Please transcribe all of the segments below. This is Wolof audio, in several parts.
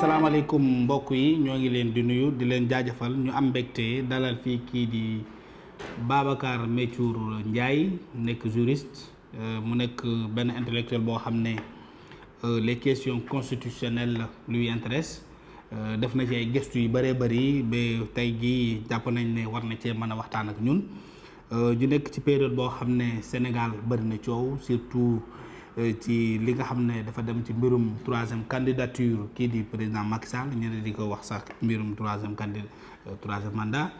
salaamaaleykum mbokk yi ñoo ngi leen di nuyu di leen jaajëfal ñu am mbégte dalal fii kii di Babacar Méthior Ndiaye nekk juriste euh, mu nekk benn intellectuel boo xam ne euh, les questions constitutionnelles lui intéresse euh, def na ci ay gëstu yu bëree bari ba tey jii jàpp nañ ne war na cee mën a waxtaan ak ñun ñu nekk ci période boo xam ne Sénégal bëri na coow surtout. Euh, ci li nga xam ne dafa dem ci mbirum troisième candidature kii di président Macky Sall ñu ne di ko wax sax mbirum troisième candidat euh, troisième mandat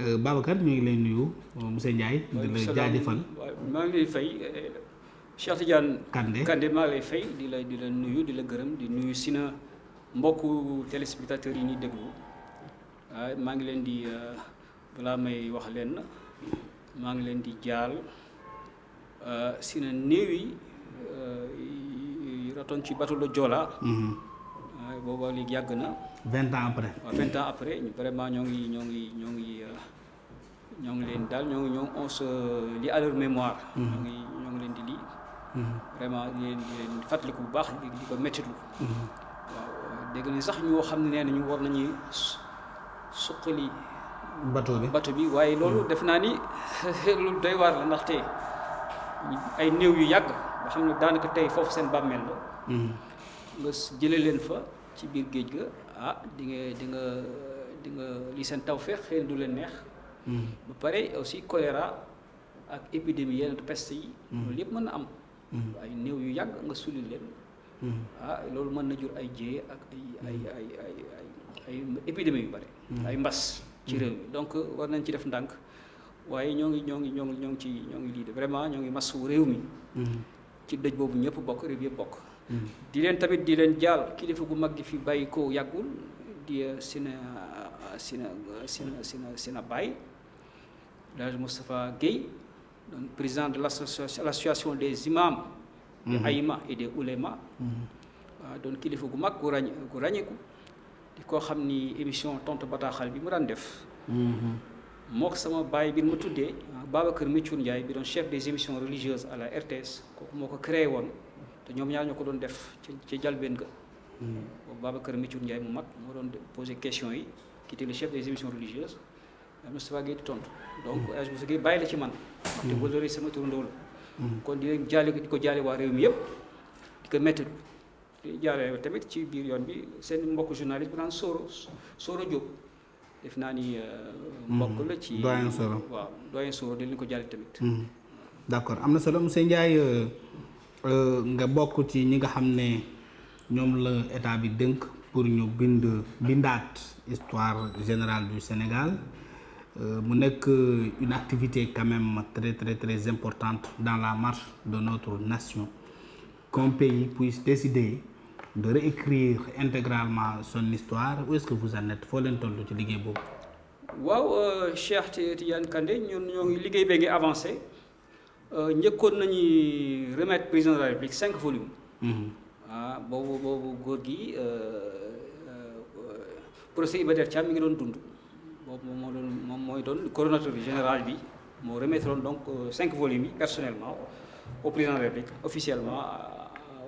euh, Babacar ñu ngi lay nuyu monsieur Ndiaye. di la jaajëfal maa ngi lay fay Cheikh Tidiane. Kande Kande maa ngi lay fay di la di la nuyu di la gërëm di nuyu sina mbokku téléspectateurs yi ñuy déglu waaye maa ngi leen di balaa may wax leen maa ngi leen di jaal si néew yi. Euh, ratoon ci bateau Joola. Mhm. Ah, booba léegi yàgg na. vingt ans après. waaw vingt ans après vraiment ñoo ngi ñoo ngi ñoo ngi euh, ñoo ngi leen daal ñoo ngi ñoo on se lie à mémoire. Mhm. ñoo ngi leen di lii. Mhm. vraiment di leen di leen fàttaliku bu baax di ko méttitlu. waaw dégg nañ sax ñoo xam ne nee nañu war nañuy suqali. bateau bi bateau bi waaye loolu def naa ni loolu doy waar la ndaxte ay néew yu yàgg. nga xam ne daanaka tey foofu seen bàmmeel la hmm. nga jële leen fa ci biir géej ga ah di nga di nga di nga seen taw feex du leen neex hmm. ba pare aussi choléra ak épidémie yeneen peste yi hmm. loolu yëpp mën na am ay néew yu yàgg nga sulli leen ah, loolu mën na jur ay jéye ak ay ay ay ay ay ay épidémie yu bare ay mbas ci réew mi donc war nañ ci def ndànk waaye ñoo ngi ñoo ngi ñoo ngi ñoo ngi ci ñoo ngi lii de vraiment ñoo ngi masu réew mi ci dëj boobu ñëpp bokk réew yëpp bokk. Hmm. di leen tamit di leen jaal kilifa gu mag gi fi bàyyi ko yàggul di sina euh, sina euh, sina euh, sina sina Baye Elhadji Moustapha Guèye donc président de l' association des imams. des hmm. et des oulémas. waaw hmm. ah, doon kilifa gu mag gu ràññ gu ràññeeku di koo xam ni émission tontu bataaxal bi mu daan def. moo ko sama baay bi ma tuddee kër ah, Métiour Ndiaye bi doon chef des émissions religieuses à la RTS kooku moo ko créé woon te ñoom ñaar ñoo ko doon def ci ci jalbeen ga hmm. boobu Babacar Métiour Ndiaye mu mag moo doon posé question yi qui était le chef des émissions religieuses Moustapha tontu donc hmm. El bàyyi la ci man hmm. te wëlëre sama turandoo kon di jaale di ko jaale waa réew mi yëpp di ko métti di jaale tamit ci biir yoon bi seen mbokk journaliste bu naan Soro Soro Diop def naa ni euh, mhm. mbokk la ci doyen Soro waaw ko jàll tamit mhm. d'accord am na solo monsieur Ndiaye euh, euh, nga bokk ci ñi nga xam ne ñoom la état bi dënk pour ñu bind bindaat histoire générale du Sénégal mu nekk une activité quand même très très importante dans la marche de notre nation qu'un pays puisse de réécrire intégralement son histoire où est-ce ci liggéey boobu. waaw euh, Cheikh Tidiane Kandé ñun ñoo ngi liggéey bee ngi avancé euh, njëkkoon nañu remettre président de la République cinq volumes. Mhm. ah boobu boobu góor gi euh, procès Iba Der Thiam mi ngi doon dund boobu moom moo moom mooy doon coordonnateur général bi moo remettre donc cinq volumes yi personnellement au président de la République officiellement.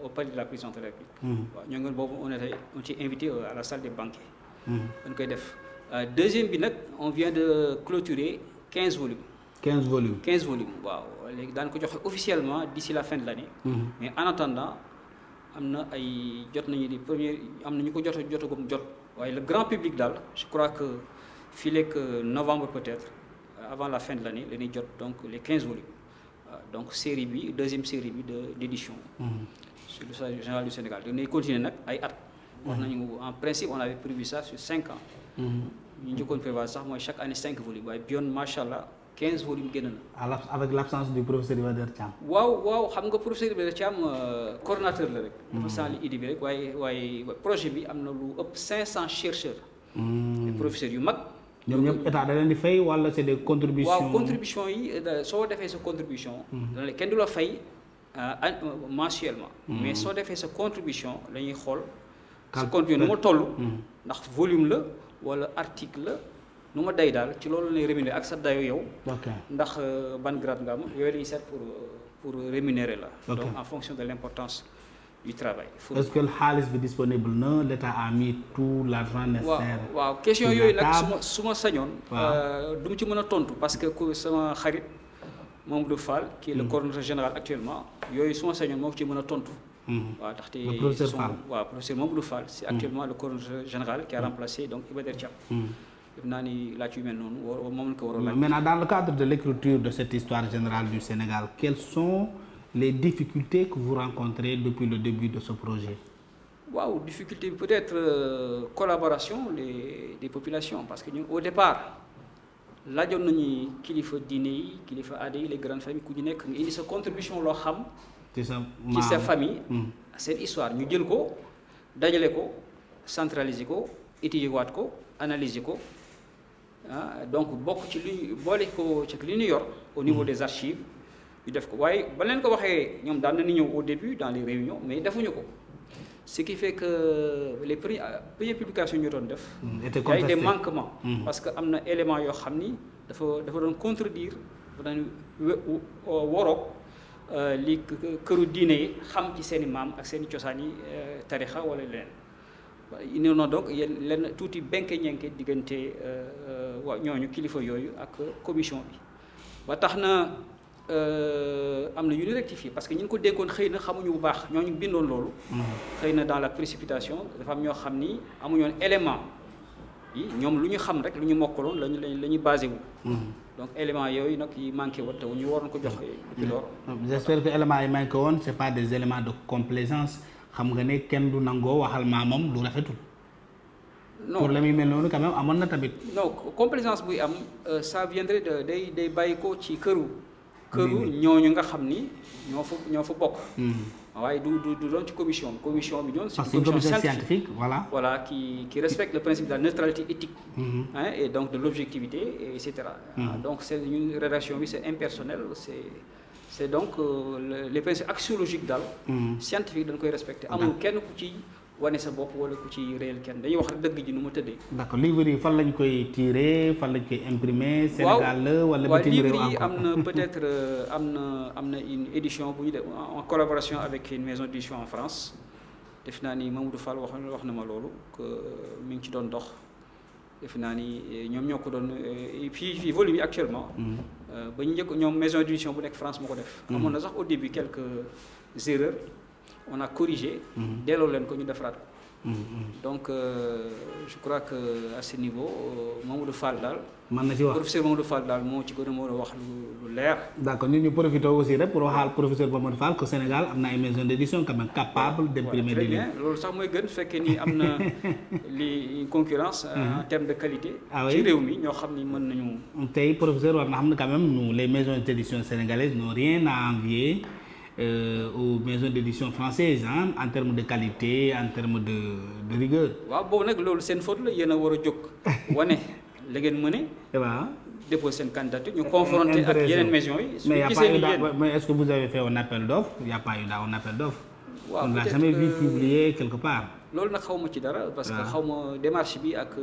au palais de la prison de la République. Hmm. waaw ñoo ngi boobu on était on s'est invité euh, à la salle des banquets. Hmm. dañ koy def euh, deuxième bi nag on vient de clôturer quinze volumes. quinze volumes quinze volumes waaw léegi daan ko joxe officiellement d'ici la fin de l'année. Hmm. mais en attendant am na ay jot nañu ni première am na ñu ko jot a jotagum jot waaye le grand public daal je crois que fii lekk euh, novembre peut-être avant la fin de l'année la ñuy jot donc les quinze volumes. donc série bi deuxième série bi de d'édition mhm. sur l'histoire générale du Sénégal dañuy continuer nag ay at wax mhm. nañu en principe on avait prévu ça sur cinq ans mhm. ñu njëkkoon prévoir sax mooy chaque année cinq volumes waaye biyoon macha allah quinze volumes génn na avec l'absence du professeur Iba Der Thiam waaw waaw xam nga professeur Iba Der Thiam euh, coordonnateur la rek dafa sànni idée bi rek waaye waaye projet bi am na lu ëpp cinq cent chercheurs professeurs yu mag ñoom ñoom état da leen di fay wala c'est des contributions. waaw contribution yi euh, soo defee sa contribution. Hmm. dana kenn du la fay euh, euh, mensuellement. Hmm. mais soo defee sa contribution la xool. sa contribution nu ma toll. Hmm. ndax volume la wala article la. nu ma day daal ci loolu lay rémunérer ak sa dayo yow. ndax ban grade nga am yooyu la seet pour pour rémunérer la. donc en fonction de l'importance du travail. est-ce que xaalis bi disponible na l'État a mis tout l'argent nécessaire. waaw waaw question yooyu nag su ma ma sañoon. Euh, du mu ci mën a tontu parce que ku sama xarit Mamadou Fall. qui est le mm. coordonnateur général actuellement. yooyu su ma sañoon moo ci mën a tontu. Mm. waaw ndaxte le professeur Fall waaw professeur Mamadou Fall. c'est mm. actuellement le coordonnateur général qui a remplacé donc Iba Der Thiam. def naa ni laaj mel noonu moom la ko war a laaj. maintenant dans le cadre de l'écriture de cette histoire les difficultés que vous rencontrez depuis le début de ce projet waaw difficulté bi peut-être euh, collaboration les des populations parce que ñun au départ laajoon nañu kilifa diine yi kilifa aada yi les grandes familles ku ñu nekk nga indi sa contribution loo xam ci sa ci sa famille hmm. seen histoire ñu jël ko dajale ko centraliser ko étudier waat ko analyser ko ah donc bokk ci li boole ko ci li ñu yor au niveau hmm. des archives ñu def ko waaye ba leen ko waxee ñoom daan nañu ñëw au début dans les réunions mais defuñu ko ce qui fait que les premières publications ñu doon def. Hmm, ay des manquements. Hmm. parce que am na élément yoo xam ni dafa dafa doon contredire dafa doon woroog euh, li këru diine yi xam ci seen maam ak seen cosaan yi euh, tarixa wala leneen. indi na donc yéen lenn tuuti benke ñenke diggante euh, waa ñooñu kilifa yooyu ak commission bi ba tax na. Euh, am na yu ñu rectifié parce que ñu ngi ko déggoon xëy na xamuñu bu baax ñooñu bindoon loolu. Mm-hmm. xëy na dans la précipitation dafa am ñoo xam ni amuñoon élément yi ñoom lu ñu xam rek lu ñu mokkaloon lañu la ñu basé wu. Mm-hmm. donc éléments yooyu nag yi manqué woon te ñu waroon ko jox mm-hmm. depuis lors. j'espère que éléments yi manqué woon c'est pas des éléments de complaisance xam nga ne kenn du nangoo waxal maamam lu rafetul. non pour la muy mel noonu quand amoon na tamit. non complaisance buy am euh, ça viendrait day day bàyyi ci këru. këru ñooñu nga xam ni ñoo fa ñoo fa bokk. Hmm. waaye du du du doon ci commission commission bi ñoom. c'est une commission scientifique voilà. voilà qui respecte le principe de la neutralité éthique. Hmm. hein, et donc de l'objectivité et cetera. Hmm. Ah, donc c'est une rédaction bi c'est impersonnel c'est c'est donc euh, les principes axiologiques daal. scientifique dañ koy respecter amul kenn ku ci. wane sa bopp wala ku ci réel kenn dañuy wax rek dëgg ji nu mu tëddee. d'accord livre yi fan lañ koy tiré fan lañ koy imprimer. Sénégal la wala bitim réew. waaw livre yi am na peut-être euh, am na am na une édition bu ñu def en collaboration avec une maison d'édition en France def naa ni Mamadou Fall wax wax na ma loolu que euh, mi ngi ci doon dox. defe naa ni euh, ñoom ñoo ko doon fii fii volume bi actuellement. Mm-hmm. ba ñu njëkk ñoom maison d'édition bu nekk France moo ko def. Mm-hmm. amoon na sax au début quelques erreurs. on a corrigé. Mhm. delloo leen ko ñu defaraat ko. Mhm. donc euh, je crois que à ce niveau euh, Mamadou Fall daal. man na ci wax professeur Mamadou Fall daal moo ci gën a mën a wax lu lu leer. d' accord ñun ñu profité aussi rek pour waxaal professeur Mamadou Fall que Sénégal am na ay maison d' édition quand même capable d' imprimer des loolu sax mooy gën fekkee ni am na li concurrence. Euh, mhm. en termes de qualité. ah oui ci réew mi ñoo xam ni mën nañu. tey professeur war na xam ne quand les maisons d' édition sénégalaises n'ont rien euh, aux maisons d'édition françaises ah en termes de qualité en termes de de rigueur. waaw boobu nag loolu seen faute la yéen a war a jóg wane la ngeen mëne. waaw eh déposer seen candidature ñu confronter ak yeneen maisons yi. suñu gisee nii yéen mais est-ce que vous avez fait un appel d'offres a pas eu quelque part. loolu nag xaw ma ci dara. parce que ah. xaw ma démarche bi ak.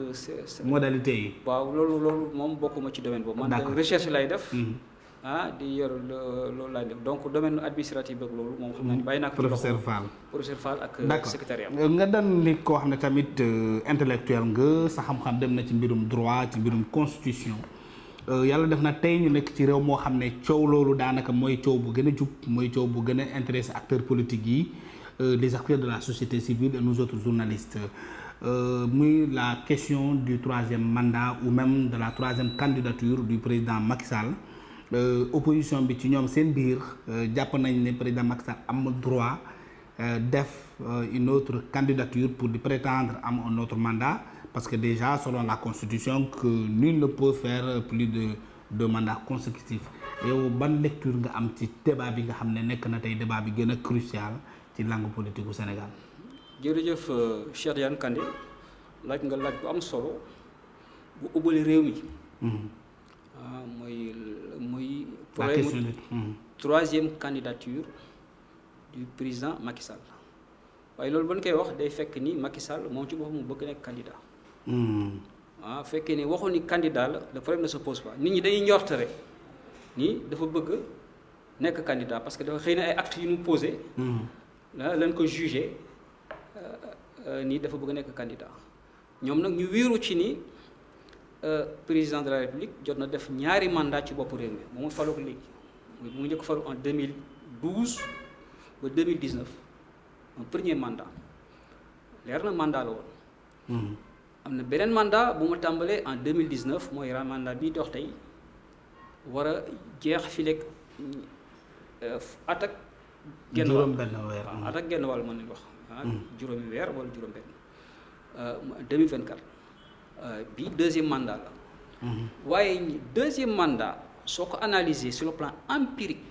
modalité yi. waaw loolu loolu moom bokkuma ci domaine boobu. man recherche lay def. Mm-hmm. ah di yor loolu laay def donc domaine administratif beeg loolu moom xam naa ne bàyyi naa ko professeur Fall professeur euh, euh, nga daan nit koo xam ne tamit euh, intellectuel nga sa xam-xam dem na ci mbirum droit ci mbirum constitution yàlla def na tey ñu nekk ci réew moo xam ne coow loolu daanaka mooy coow bu gën a jub mooy coow bu gën a intéressé acteurs politiques yi les acteurs de la société civile et nous autres journalistes Euh, muy la question du troisième mandat ou même de la troisième candidature du président Macky Sall Euh, opposition bi ci ñoom seen biir euh, jàpp nañ ne président Macky sa am droit euh, def une autre candidature pour di prétendre am un autre mandat parce que déjà selon la constitution que nul ne peut faire plus de deux mandats consécutifs yow ban lecture nga am ci débat bi nga xam ne nekk na tey débat bi gën a crucial ci langue politique bu Sénégal. jërëjëf Cheikh Yane Kandé laaj nga laj bu am solo bu ubbali réew mi. Mhm. Ah, mooy mooy. problème mu hmm. troisième candidature du président Macky waaye loolu ba ñu koy wax day fekk ni Macky Sall moom ci boppam mu bëgg nekk candidat. waaw hmm. ah, fekkee ne waxu ni candidat la le na ne se pose pas nit ñi day njort rek ni dafa bëgg nekk candidat parce que dafa xëy na ay actes yu mu posé. Hmm. la lañ ko jugé euh, euh, ni dafa bëgg nekk candidat ñoom nag ñu wéeru ci ni. Euh, président de la république jot na def ñaari mandat ci bopp réew mi ba mu falu ko léegi mu njëkk falu en 2012 ba 2019 un premier mandat leer na mandat la woon mhm. am na beneen mandat bu mu tàmbalee en 2019 mooy ra mandat bi dox tey war a jeex fileeg euh, at ak genn wàll at ak genn wàll mën nañu wax mhm. ah, juróomi weer wala juróom benn 2024 Euh, bi deuxième mandat la. Mhm. waaye deuxième mandat soo ko analyser sur le plan empirique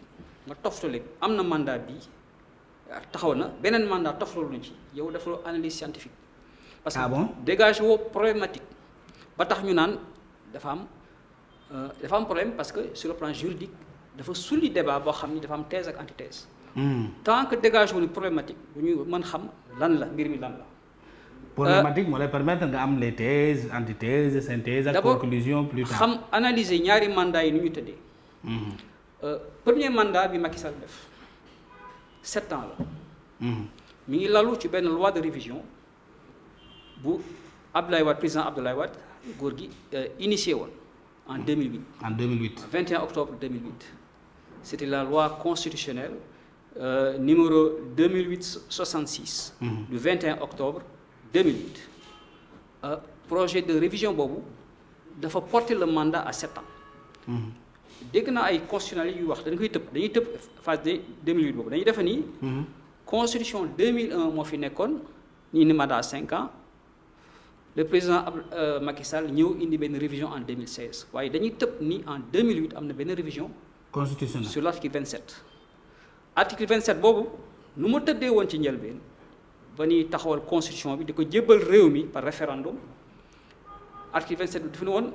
nga toftale am na mandat bi euh, taxaw na beneen mandat toftalu na ci yow dafa analyse scientifique. parce que ah dégage woo problématique ba tax ñu naan dafa am euh, dafa am problème parce que sur le plan juridique dafa sulli débat boo xam ni dafa am thèse ak antithèse. Hmm. tant que dégage wu ni problématique bu ñu man xam lan la mbir mi lan la. problématique euh, moo lay permettre nga am les thèses antithèses synthèses ak conclusion plus tard xam analyser ñaari mandat yi nu ñu tëddee mhm. euh, premier mandat bi Macky Sall def sept ans la mhm. mi ngi lalu ci benn loi de révision bu Abdoulaye Wade président Abdoulaye Wade góor gi euh, initié woon en 2008. en 2008 21 octobre 2008 c' la loi constitutionnelle euh, numéro 2008 66. Mm -hmm. du octobre 2008 euh, projet de révision boobu dafa porter le mandat à sept ans. Mm-hmm. dégg na ay constitutionnels yuy wax dañu koy tëb dañuy tëb phase de 2008 boobu dañuy defe nii. Mm-hmm. constitution 2001 moo fi nekkoon ñu ni mandat cinq ans le président ab euh, Macky ñëw indi benn révision en 2016 waaye dañuy tëb ni en 2008 am na benn révision. constitutionnelle sur l' article 27. article 27 boobu lu mu tëddee woon ci njëlbeen. ba ñuy taxawal constitution bi di ko jébbal réew mi par référendum article 27 bi dafa ne woon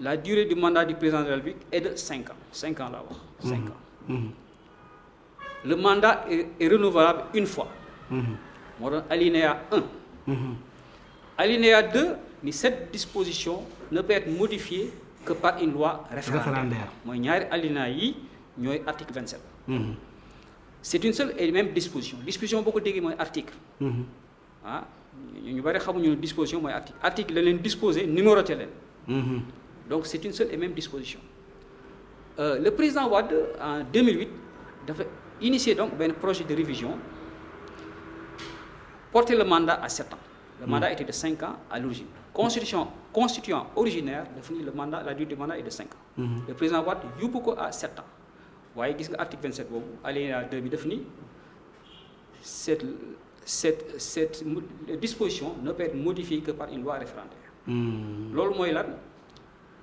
la durée du mandat du président de la République est de 5 ans 5 ans laa wax. 5 ans. Mm-hmm. Mm-hmm. le mandat est, est une fois. Mm-hmm. moo doon alinéa 1. Mmh. alinéa 2 ni cette disposition ne peut être modifiée que par une loi référendaire mooy ñaari alinéa yi ñooy article 27. Mmh. c'est une seule et même disposition disposition boo ko déggee mooy article. Mm-hmm. ah ñu bari xamuñu disposition mooy article article la leen disposé numéroté leen. Mm-hmm. donc c'est une seule et même disposition euh, le président Wade en 2008 dafa initier donc benn projet de révision porter le mandat à sept ans. le mm-hmm. mandat était de cinq ans à l'origine constitution constituant originaire dafa le mandat la durée du mandat est de cinq ans. Mmh. le président Wade waaye gis nga article 27 boobu alinéa 2 bi def ni cet cet cette disposition ne peut que par une loi référendaire. Hmm. loolu mooy lan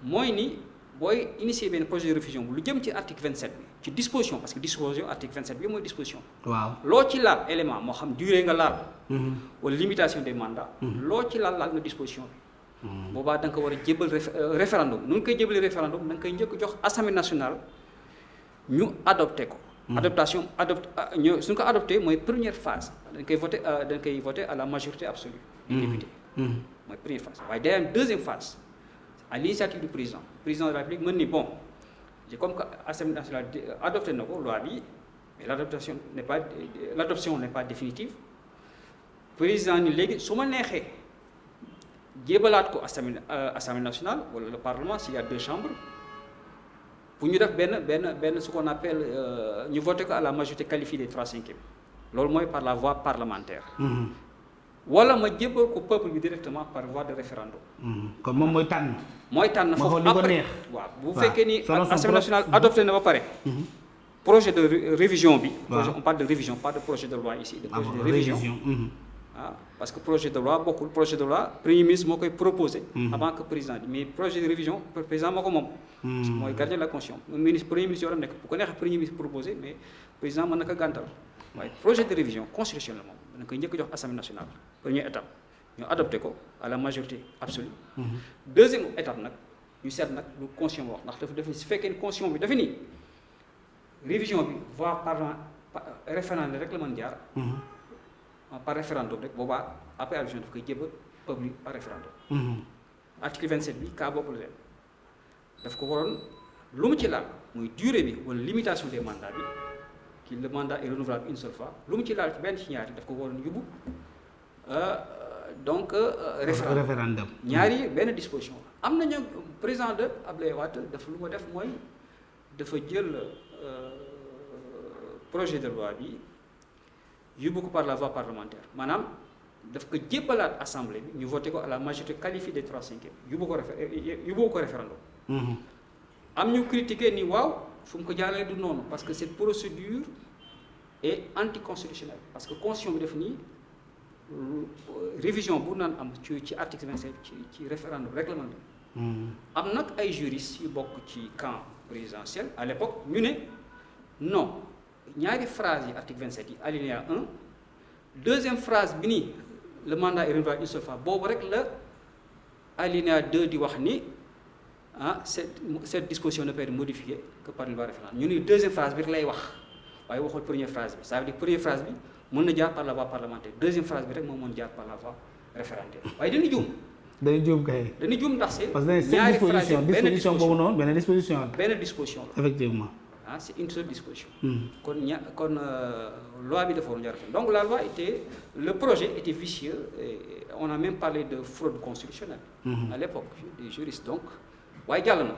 mooy ni booy initier benn projet de révision bu lu jëm ci article 27 bi ci disposition parce que disposition article 27 bi mooy disposition. waaw loo ci laal élément moo xam durée nga laal. Hmm. wala limitation des mandats. Hmm. loo ci laal laal nga disposition bi. boobaa da nga ko war a jébal euh, référendum nu nga koy jébalee référendum da nga koy njëkk jox assemblée nationale. ñu adopté ko. adoptation adopte euh, ñu suñ ko adopté mooy première phase dañ koy voté euh, dañ koy voté à la majorité absolue. des mmh. députés. Mmh. mooy première phase waaye day am deuxième phase à l'initiative du président président de la République mën ni bon comme que assemblée nationale euh, adopté na ko loi bi mais l'adoption n'est pas l'adoption n'est pas définitive président ni léegi su ma neexee jébalaat ko assemblée assemblée nationale wala le parlement s'il y a deux chambres. pour ñu def benn benn benn ce qu'on appelle euh, ñu voté ko à la majorité qualifiée des trois cinquièmes loolu mooy par la voie parlementaire. Mm-hmm. wala ma jébbal ko peuple bi directement par voie de référendum. Mm-hmm. kon moom mooy tànn. mooy tànn foofu après bu fekkee ni. assemblée nationale adopté na ba pare. Mm-hmm. projet de révision bi. projet de révision pas de projet de loi ici. de projet ah de révision. ah parce que projet de loi bokkul projet premier ministre moo koy proposé. Mhm. avant que président mais projet de révision président moo ko moom. Mhm. mooy gardien de la constitution ministre premier ministre yoo xam nekk ko neexee premier ministre proposé mais président mën na ko gàntal waaye projet de révision constitutionnelle moom mën na koy njëkk jox assemblée nationale première étape ñu adopté ko à la majorité absolue. Mhm. deuxième étape nag ñu seet nag lu constitution wax ndax dafa def su fekkee ni constitution bi dafa nii révision bi voie rek la mën jaar. Ah, par référendum rek boobaa après adoption daf koy jébbal peuple yi par référendum. Mhm. article 27 bi kaa bopp la daf ko waroon lu mu ci laal mooy durée bi wala limitation des mandats bi ki le mandat est renouvelable une fois lu mu ci laal ci benn ci ñaari daf ko waroon yóbbu euh, donc. Euh, référendum ñaari benn disposition am nañu président de Ablaye Wade dafa lu ma def mooy dafa jël euh, projet de loi bi. yu yóbbu ko par la voie parlementaire maanaam daf ko jébbalaat assemblée bi ñu voté ko à la majorité qualifiée des trois cinquièmes yóbbu ko yóbbu ko référendum mm-hmm. am ñu critiqué ni waaw fu mu ko jaaree du noonu parce que cette procédure est anticonstitutionnelle parce que constitution bi def nii euh, révision bu naan am ci ci article 25 ci ci référendum réglementaire mm-hmm. am nag ay juristes yu bokk ci camp présidentiel à l'époque ñu ne non ñaari phrase yi article 27 yi alinéa 1 deuxième phrase bi ni le mandat est renouvelable une seule fois boobu rek la alinéa 2 di wax ni ah cette cette disposition ne peut être modifiée que par une loi référendaire ñu ni deuxième phrase bi rek lay wax waaye waxul première phrase bi ça veut dire première phrase bi mën na jaar par la voie parlementaire deuxième phrase bi rek moom mën jaar par la voie référendaire waaye dañu juum. dañu juum kay. dañu juum parce que disposition ah c' est une seule disposition. Hmm. kon ña kon euh, loi bi dafa waroon jar donc la loi était le projet était vicieux et on a même parlé de fraude constitutionnelle. Hmm. à l' époque des juristes donc waaye jàll na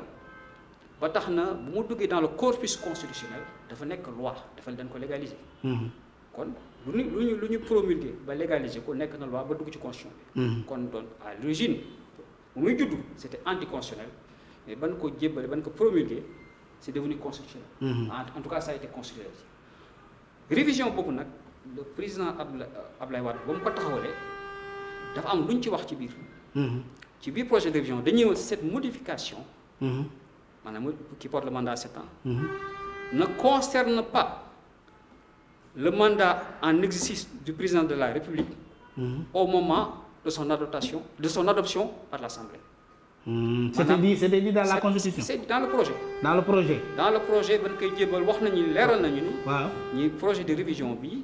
ba tax na bu mu duggee dans le corpus constitutionnel dafa nekk loi dafa dañ ko légaliser. Hmm. kon lu ñu lu ñu lu ba légaliser ko nekk na loi ba dugg ci constitution bi. kon doon à l' origine bu muy judd c' était anticonstitutionnel mais ban ko jébbale ban ko promulguer. c'est devenu constitutionnel. Mmh. En, en, tout cas ça a été constitutionnel. révision boobu nag le président Abdoulaye Abdoulaye Wade ba mu ko taxawalee dafa am lu ñu ci wax ci biir. Mm-hmm. ci biir projet de révision dañuy cette modification. Mm-hmm. maanaam qui porte le mandat à sept ans. Mm-hmm. ne concerne pas le mandat en exercice du président de la République. au moment de son adoption de son adoption par l'Assemblée. Hmm. maanaam c' était dit dans la constitution. c' dans le projet. dans le projet. dans le projet ban koy jébal wax nañu leeral nañu ñi projet de révision bi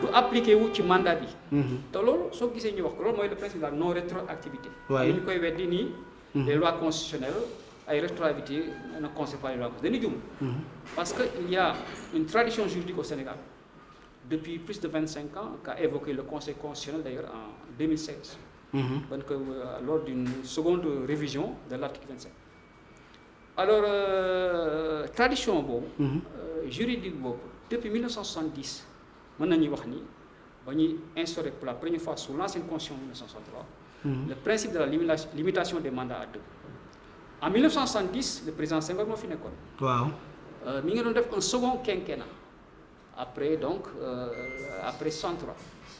du appliqué ci mandat bi. Mhm. te loolu soo gisee ñu wax ko loolu mooy le principe de la non rétroactivité. ñu koy weddi nii. Mhm. les lois constitutionnelles ay rétroactivité na concept ay lois dañuy jum. Mhm. parce que il y a une tradition juridique au Sénégal depuis plus de vingt cinq ans qu'a évoqué le conseil d' ailleurs Mm-hmm. donc euh, lors d'une seconde révision de l'article 27 alors euh, tradition boobu mm-hmm. euh, juridique boobu depuis 1970 mën nañuy wax ni ba ñuy instauré pour la première fois sous l'ancienne constitution 1963 mm-hmm. le principe de la limitation des mandats à deux en 1970 le président Senghor moo fi nekkoon waaw mi ngi doon def un second quinquennat après donc après 63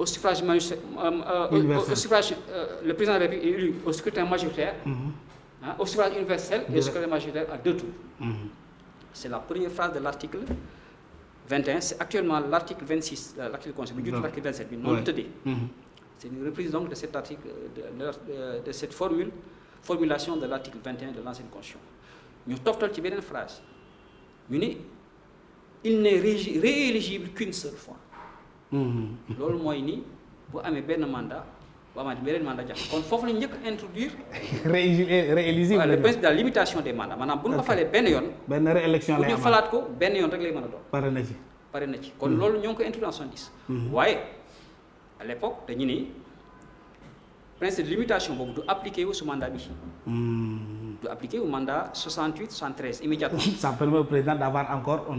au suffrage magistrat euh, euh, au suffrage euh, le président de la République est élu au scrutin majoritaire. Mhm. au suffrage universel et au scrutin majoritaire à deux tours. Mhm. c'est la première phrase de l'article 21 c'est actuellement l'article 26 l'article conseil bu jiitu l'article 27 bi noonu tëddee. Mhm. c'est une reprise donc de cet article de de, de cette formule formulation de l'article 21 de l'ancienne constitution ñu toftal ci beneen phrase ñu ni il n'est rééligible qu'une seule fois. Mm-hmm. loolu mooy ni bu amee benn mandat bu amaat beneen mandat jax kon foofu la ñu njëkk introduire. rééligible le principe de la limitation des mandats maanaam bu ñu ko falee benn yoon. benn réélection lay amaat bu ñu falaat ko benn yoon rek lay mën a doon. pare na ci pare na ci kon mm-hmm. loolu ñoo ngi ko introduire en 70. Mm-hmm. waaye à l' époque dañu ne principe limitation boobu du appliqué wu su mandat bi. du appliqué wu mandat 68 73 immédiatement. ça permet au encore un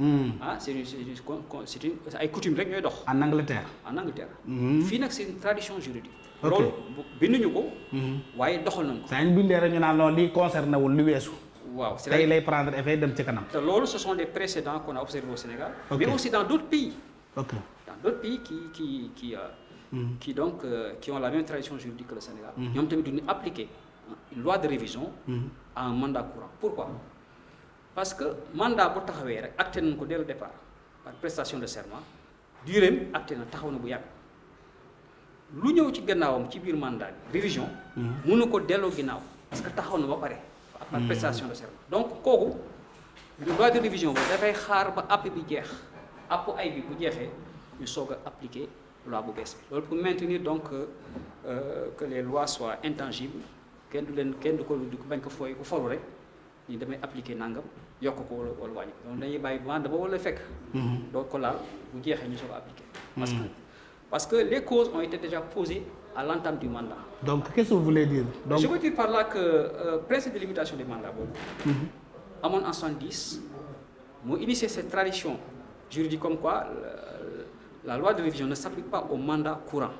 Hmm. ah c' est une c' est une ay coutume rek ñooy dox. en Angleterre. en Angleterre. Hmm. fii nag c' une tradition juridique. ok loolu binduñu ko. Hmm. waaye doxal nañ ko. saa ñu bindee rek ñu naan loolu lii concerné wul lu weesu. waaw c' est tey lay prendre effet dem ci kanam. te loolu ce sont des précédents qu' a observé au Sénégal. ok aussi dans d' pays. ok dans d' pays qui qui qui. Euh, euh, qui ont la même tradition juridique que Sénégal. ñoom tamit duñu appliquer une loi de révision. à un mandat parce que mandat bu taxawee rek acté nañ ko dès le par prestation de serment duréem acté na taxaw na bu yàgg lu ñëw ci gannaawam ci biir mandat bi révision mënu mm-hmm. ko delloo ginnaaw parce que taxaw na ba pare par mm-hmm. prestation de serment donc kooku loi de révision boobu dafay xaar ba app bi jeex app ay bi bu jeexee ñu soog a appliquer loi bu bees bi loolu pour maintenir donc euh, euh, que les lois soient intangibles kenn du leen kenn du ko du bañ ko fooy ku foru rek ni damay appliquer nangam yokk ko wala wala wàññi ko donc dañuy bàyyi ba dama wala fekk. Mhm. doo ko laal bu jeex ñu soog a appliquer. parce que mhm. parce que les causes ont été déjà posées à l'entame du mandat. donc qu'est-ce que vous voulez dire. je veux dire par là que euh, de limitation du mandat boobu. Mhm. amoon en 70 moo initié cette tradition juridique comme quoi euh, la loi de révision ne s'applique pas au mandat courant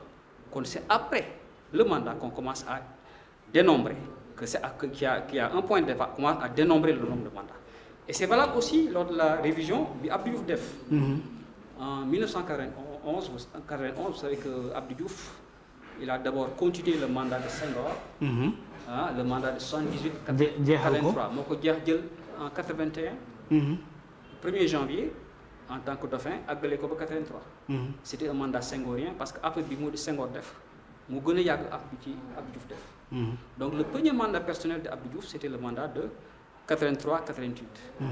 kon c'est après le mandat qu'on commence à dénombrer. que c'est qu'il y, qu y, a un point de départ, commence à dénombrer nombre de mandats. Et c'est valable aussi lors de la révision du Abdou Diouf Def. Mm -hmm. En 1991, vous savez que Abdou Diouf, il a d'abord continué le mandat de Senghor, mm -hmm. le mandat de 118, 43. Moko Diardiel en 81, mm -hmm. 1er janvier, en tant que dauphin, Agalé 83. Mm-hmm. C'était un mandat senghorien parce qu'après, il y a eu Senghor Def. Il y a eu Abdou Diouf Def. Mm-hmm. donc le premier mandat personnel de Abdou Diouf c'était le mandat de 83 88. Mm-hmm.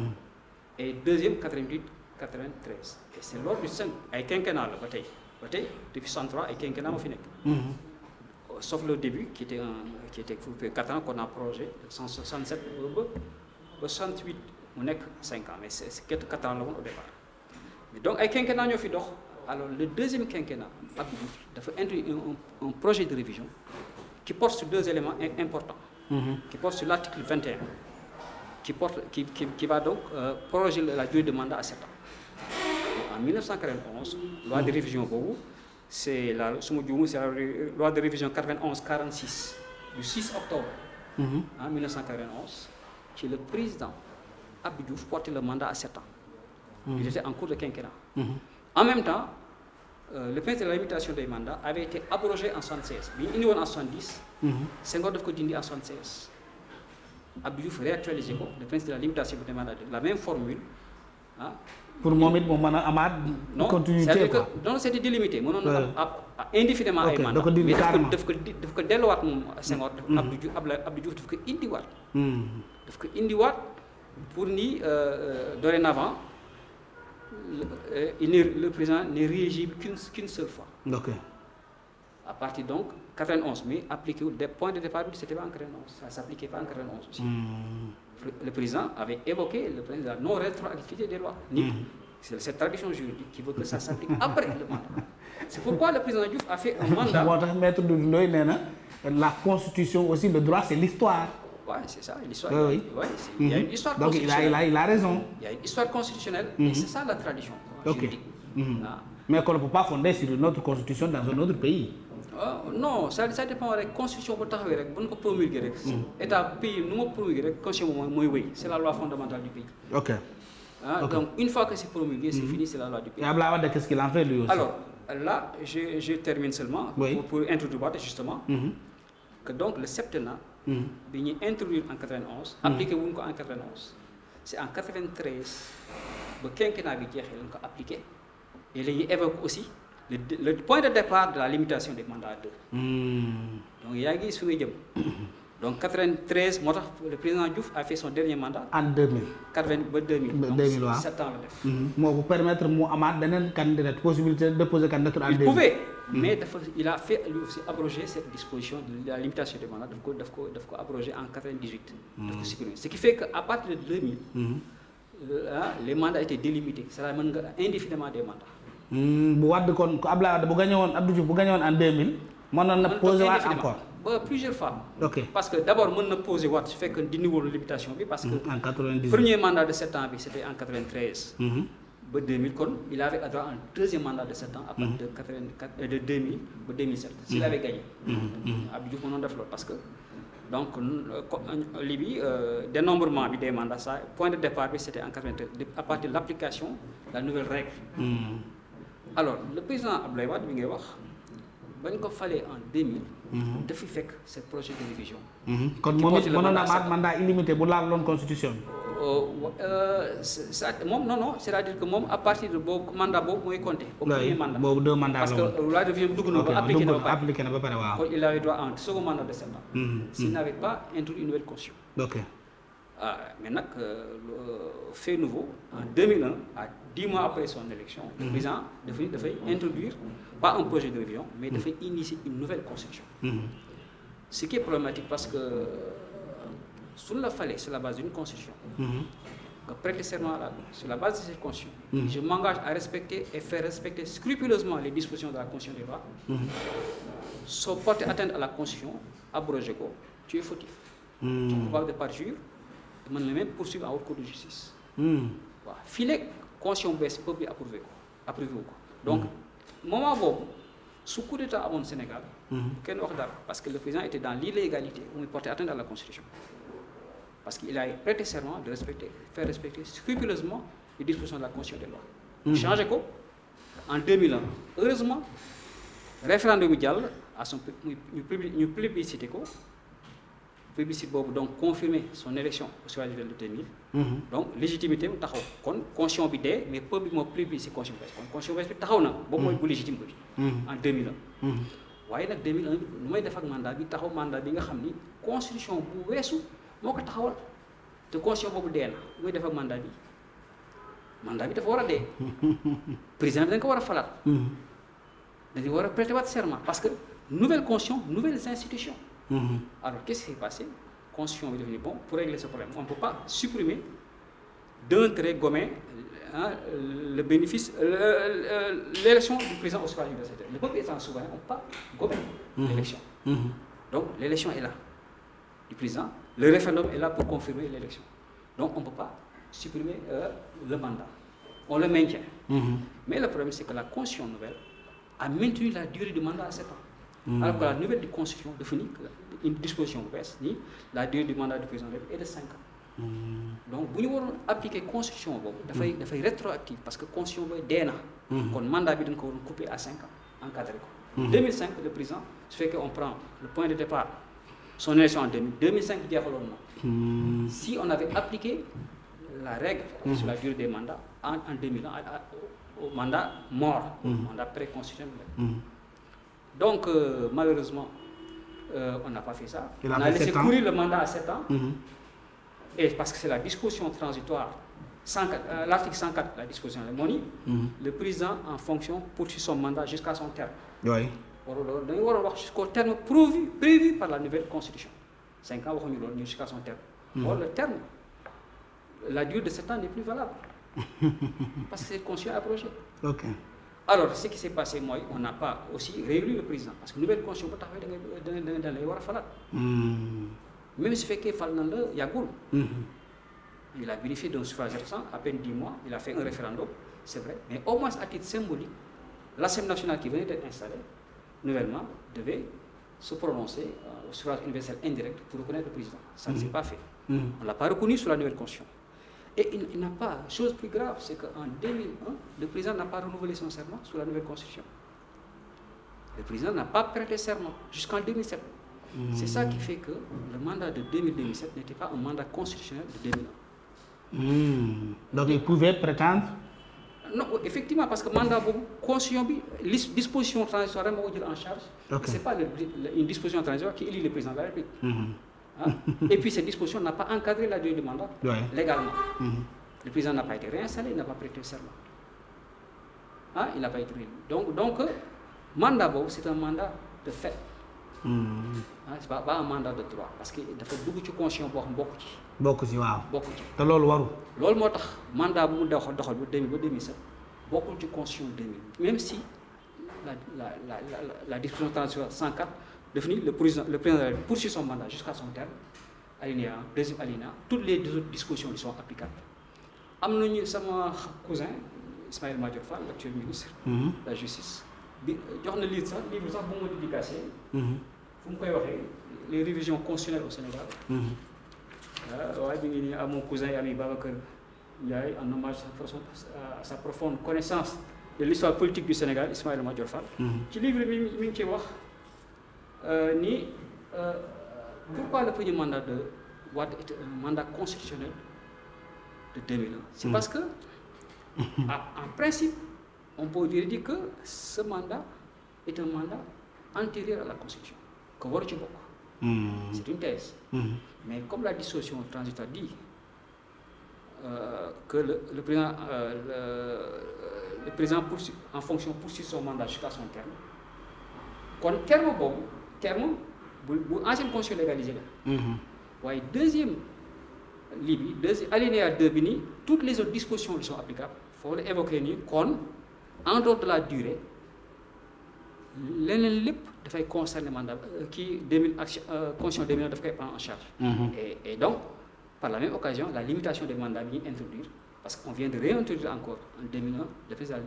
et deuxième 88 93. et c'est lors du cinq ay quinquennat la ba tey ba tey depuis 63 ay quinquennat ma fi nekk. Mm-hmm. Euh, sauf le début qui était un qui était coupé 4 ans qu'on a projet 167 ba ba 68 mu nekk 5 ans mais c'est 4 ans la woon au départ donc ay quinquennat ñoo fi dox alors le deuxième quinquennat Abdou Diouf dafa introduire un projet de révision qui porte sur deux éléments importants, mmh. qui porte sur va donc euh, la durée de mandat à 7 ans. Donc, en 1991, mm-hmm. boobu c'est la su ma juumul c'est la loi de révision 91 46 du 6 octobre. Mm-hmm. ci le président Abdou Diouf le mandat à 7 ans. Mmh. il mm-hmm. était Euh, le principe de la limitation des mandats avait été abrogé en 76 bi ñu indi woon en 70. Mhm. Senghor daf ko dindi en 76. Abdou Diouf réactualisé ko le principe de la limitation des mandats la même formule ah. pour moom it mu man a amaat. continuité quoi non c' est délimité mënoon na am ab indéfiniment ay mandats mais daf ko daf ko delluwaat moom Senghor. Mhm. Abdou Diouf Abdou Diouf daf ko indiwaat. Mhm. daf ko indiwaat pour ni euh, euh, dorénavant. le, euh, il le président n'est rééligible qu'une qu seule fois. À partir donc 91, appliqué au point de départ, c'était pas en 91, pas en 91 hmm. Le président avait évoqué le président non rétroactivité des lois. Mmh. cette tradition juridique qui veut que ça s'applique après le mandat. C'est pourquoi le président Diouf a fait un mandat. Maître de la Constitution aussi, le droit, c'est l'histoire. wa c'est ça, l'histoire. a mhm. une Donc il a, il a, a raison. Il a une histoire constitutionnelle, et mhm. c'est ça la tradition mhm. ah. Mais qu'on ne peut pas fonder sur une autre constitution dans oh, non ça ça dépend rek constitution bu taxawee rek bu ñu ko promulguer rek. état pays nu ma promulguer rek constitution mooy mooy wéy c' est la loi fondamentale du pays. ok ah okay. donc une fois que c' est promulgué. la loi du pays. et Abdoulaye Wade qu'est-ce qu'il là je termine seulement. pour pour introduire bi mm-hmm. ñu introduire en 91. Mm-hmm. appliqué wuñ ko en 91. c' est en 93 ba naa bi jeexee lañ ko appliqué et la ñuy évoque aussi le le point de départ de la limitation des mandats à deux. Mm-hmm. donc yaa ngi suñu jëm. donc 93 moo tax le président Diouf a fait son dernier mandat. en 2000. 80 ba 2000. ba 2000 waaw donc 7 ans la def. Mhm. moo ko permettre mu amaat beneen candidat possibilité de déposer candidature en 2000. il pouvait mhm. mais dafa il a fait lui aussi abroger cette disposition de la limitation des mandats daf ko daf ko daf ko abroger en 98. Mhm. daf ko supprimer ce qui fait que à partir de 2000. ah euh, les mandats étaient délimités c'est-à-dire mën nga indéfiniment des mandats. bu wàdd kon Abdoulaye Wade bu gañe woon Abdou Diouf bu gañe woon en 2000. mënoon na poser waat encore. ba euh, plusieurs femmes. parce que d' abord mën na posé waat su fekkee dindi bi. parce que mm, en 90 premier mandat de sept ans bi c' était en 93. Mm-hmm. ba 2000 kon il avait droit à un deuxième mandat de sept ans. à partir mm-hmm. de 84 euh, de 2000 ba 2007. s' il avait gagné. Mm-hmm. Abdou Diouf mënoon def loolu parce que. donc euh, li dénombrement bi des mandats ça point de départ bi c' était en à partir de l' application la nouvelle règle. alors le président Abdoulaye Wade bi bañ ko falee en 2000. Mhm. dafi fekk ce projet de révision. Mhm. kon moom it mënoon na amaat mandat illimité bu laal loon constitution bi. sa oh, euh, moom non c'est-à-dire que moom à partir de boobu mandat boobu mooy compté. au premier mandat boobu deux mandats parce que loi de révision dugg na ba appliqué na ba pare appliqué na ba pare waaw. il avait droit à un mandat de sept ans. Mhm, s'il n'avait pas introduit une nouvelle constitution. ok. Euh, mais nag euh, euh, fait nouveau en 2001 à dix mois après son élection. le mm-hmm. président dafay dafay introduire pas un projet de révision. mais dafay mm-hmm. initier une nouvelle constitution. Mm-hmm. ce qui est problématique parce que su la falee sur la base d'une constitution. nga prêter serment à la sur la base de cette constitution. je m'engage à respecter et faire respecter scrupuleusement les dispositions de la constitution des lois. soo porter atteinte à la constitution mën na même poursuivre en haute cour de justice. waaw hmm. fii nag constitution bu bees peuple bi approuvé ko approuvé wu donc hmm. moment boobu su coup d'état amoon Sénégal. Hmm. kenn wax dara parce que le président était dans l'illégalité muy porter atteinte à la constitution. parce qu'il a prêté serment de respecter faire respecter scrupuleusement les dispositions de la constitution des lois. mu changé ko en 2001 heureusement référendum bi jàll à ñu plébiscité ko. publicité boobu donc confirmer son élection au suffrage universel de 2000. Mm -hmm. donc légitimité mu taxaw kon constitution bi dee mais peuple bi moo plébiscité constitution bu bees kon constitution bu bees bi taxaw na. boobu mooy mhm. bu légitime bi. Mhm. en 2001. Mhm. waaye nag 2001 lu may def ak mandat bi taxaw mandat bi nga xam ni constitution bu weesu moo ko taxawal te constitution boobu dee na lu may def ak mandat bi mandat bi dafa war a dee. président bi war a falaat. dañu war a prêter parce que Mm-hmm. alors qu'est-ce qui s'est passé constitution bi def ni bon pour régler ce problème on ne peut pas supprimer d'un trait le bénéfice l'élection du président au suffrage le peuple souverain on peut pas gommer mm-hmm. l'élection mm-hmm. donc l'élection est là du président le référendum est là pour confirmer l'élection donc on ne peut pas supprimer euh, le mandat on le maintient mais le problème c'est que la constitution nouvelle a maintenu la durée du mandat une disposition bu bees ni la durée du mandat de président est de cinq ans. Hmm. donc bu ñu appliquer constitution boobu. dafay hmm. dafay rétroactive parce que constitution boobu dee na. Hmm. kon mandat bi dañ ko waroon couper à cinq ans encadré ko. 2005 le président su fekkee on prend le point de départ son élection en si on avait appliqué la règle. sur la durée des mandats en en mandat mort. mandat préconstitutionnel. donc euh, euh, on n'a pas fait ça. Il laissé courir le mandat à 7 ans. Mhm. Et parce que c'est la discussion transitoire. Euh, L'article 104, la discussion de monnaie, mhm. le président en fonction poursuit son mandat jusqu'à son terme. Oui. Jusqu'au terme prévu, prévu par la nouvelle constitution. 5 ans, jusqu'à son terme. Mm -hmm. Or, le terme, la durée de 7 ans n'est plus valable. parce que c'est conscient à projet. alors ce qui s'est passé mooy on n'a pas aussi réélu le président parce que nouvelle constitution bu taxawee da ngay da ngay da ngay war a falaat. Hmm. même su fekkee fal na la yàggul. Hmm. il a bénéficié d'un suffrage absent à peine dix mois il a fait un référendum c'est vrai mais au moins à titre symbolique l'Assemblée nationale qui venait d'être installée nouvellement devait se prononcer euh, au suffrage universel pour reconnaître le président ça ne s'est hmm. Et il, n'a pas. Chose plus grave, c'est qu'en 2001, le président n'a pas renouvelé son serment sous la nouvelle constitution. Le président n'a pas prêté serment jusqu'en C'est ça qui fait que le mandat de n'était pas un mandat constitutionnel de 2001. Mmh. Hmm. Donc il pouvait prétendre non effectivement parce que mandat boobu constitution bi disposition transitoire moo ko jël en charge. c'est pas une disposition transitoire qui élit le président de la République. Hmm. Et puis cette disposition n'a pas encadré la durée du mandat légalement. Mhm. Le président n'a pas été réinstallé, il n'a pas prêté serment. Ah, il n'a pas été réélu. Donc, donc mandat boobu c'est un mandat de fait. Mhm. ah un mandat de droit parce que dafa dugg ci constitution boo xam ci. bokku ci waaw te loolu waru. loolu moo tax mandat bu mu doxal doxal ba 2000 ba 2007 bokkul ci constitution 2000 même si la la la la la disposition 104 daf ni le président poursuit son mandat jusqu'à son terme alinéa deuxième alinéa toutes les deux autres dispositions sont applicables am nañu sama cousin Ismaël Madior Fall l'actuel ministre mhm. la justice bi jox na livre sax livre sax bu ma dédicacé mhm. fu mu koy waxee les révisions constitutionnelles au Sénégal waaw mhm. ah, waaye bi ngi nii à mon cousin et ami Babacar en hommage sa profonde connaissance de l'histoire politique du Sénégal Ismaël Madior Fall Euh, ni euh, pourquoi le premier mandat de Wade était un mandat constitutionnel de 2001 C'est mmh. parce que, en principe, on pourrait dire que ce mandat est un mandat antérieur à la Constitution, que Warchi mmh. C'est une thèse. Mmh. Mais comme la dissolution transitoire dit euh, que le, le président, euh, le, le président poursuit, en fonction poursuit son mandat jusqu'à son terme, quand terme bon, terme bu bu ancienne constitution légalisée la. Mhm. waaye deuxième lii bi deuxième alinéa 2 bi toutes les autres dispositions qui sont applicables foo la évoqué nii kon en dehors la durée leneen lépp dafay concerner mandat euh, kii 2000 action euh, constitution daf koy prendre en charge. Mhm. et et donc par la même occasion la limitation des mandats bi introduire parce qu'on vient de réintroduire encore en 2001 dafay la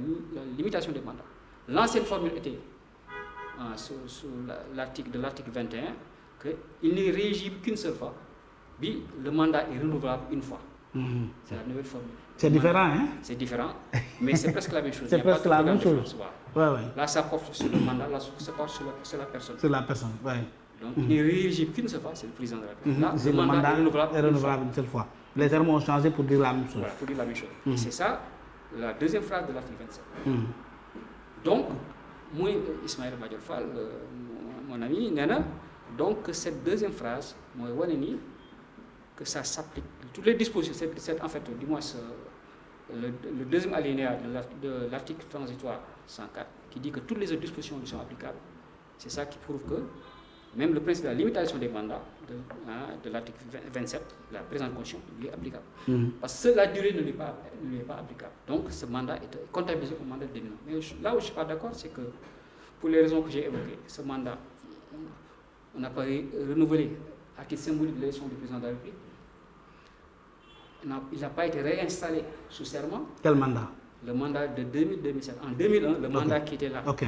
limitation des mandats l'ancienne formule était. hein, euh, sous, sous l'article de l'article 21 qu'il n'est rééligible qu'une seule fois. le mandat est renouvelable une fois. Mhm. C'est la nouvelle formule. C'est différent, hein C'est différent, mais c'est presque la même chose. C'est la personne. Sur la personne, Donc, il n'est rééligible qu'une seule fois, c'est le président de la République. la deuxième phrase de l'article mhm. Donc, muy Ismaïla Madior Fall euh, mon ami nee na donc cette deuxième phrase mooy wane ni que ça s'applique toutes les dispositions cette cette en fait du moins le le deuxième alinéa de l'article transitoire 104 qui dit que toutes les autres dispositions lui sont applicables c'est ça qui prouve que même le principe de la limitation des mandats de, hein, de l'article 27 de la présente constitution mm-hmm. lui est applicable. Parce que la durée ne lui, est pas, applicable. Donc ce mandat est comptabilisé au mandat dominant. Mais là où je suis pas d'accord, c'est que pour les raisons que j'ai évoquées, ce mandat, on n'a pas renouvelé à titre symbolique de l'élection du président de la République. Il n'a pas été réinstallé sous serment. Quel mandat Le mandat de 2000 En le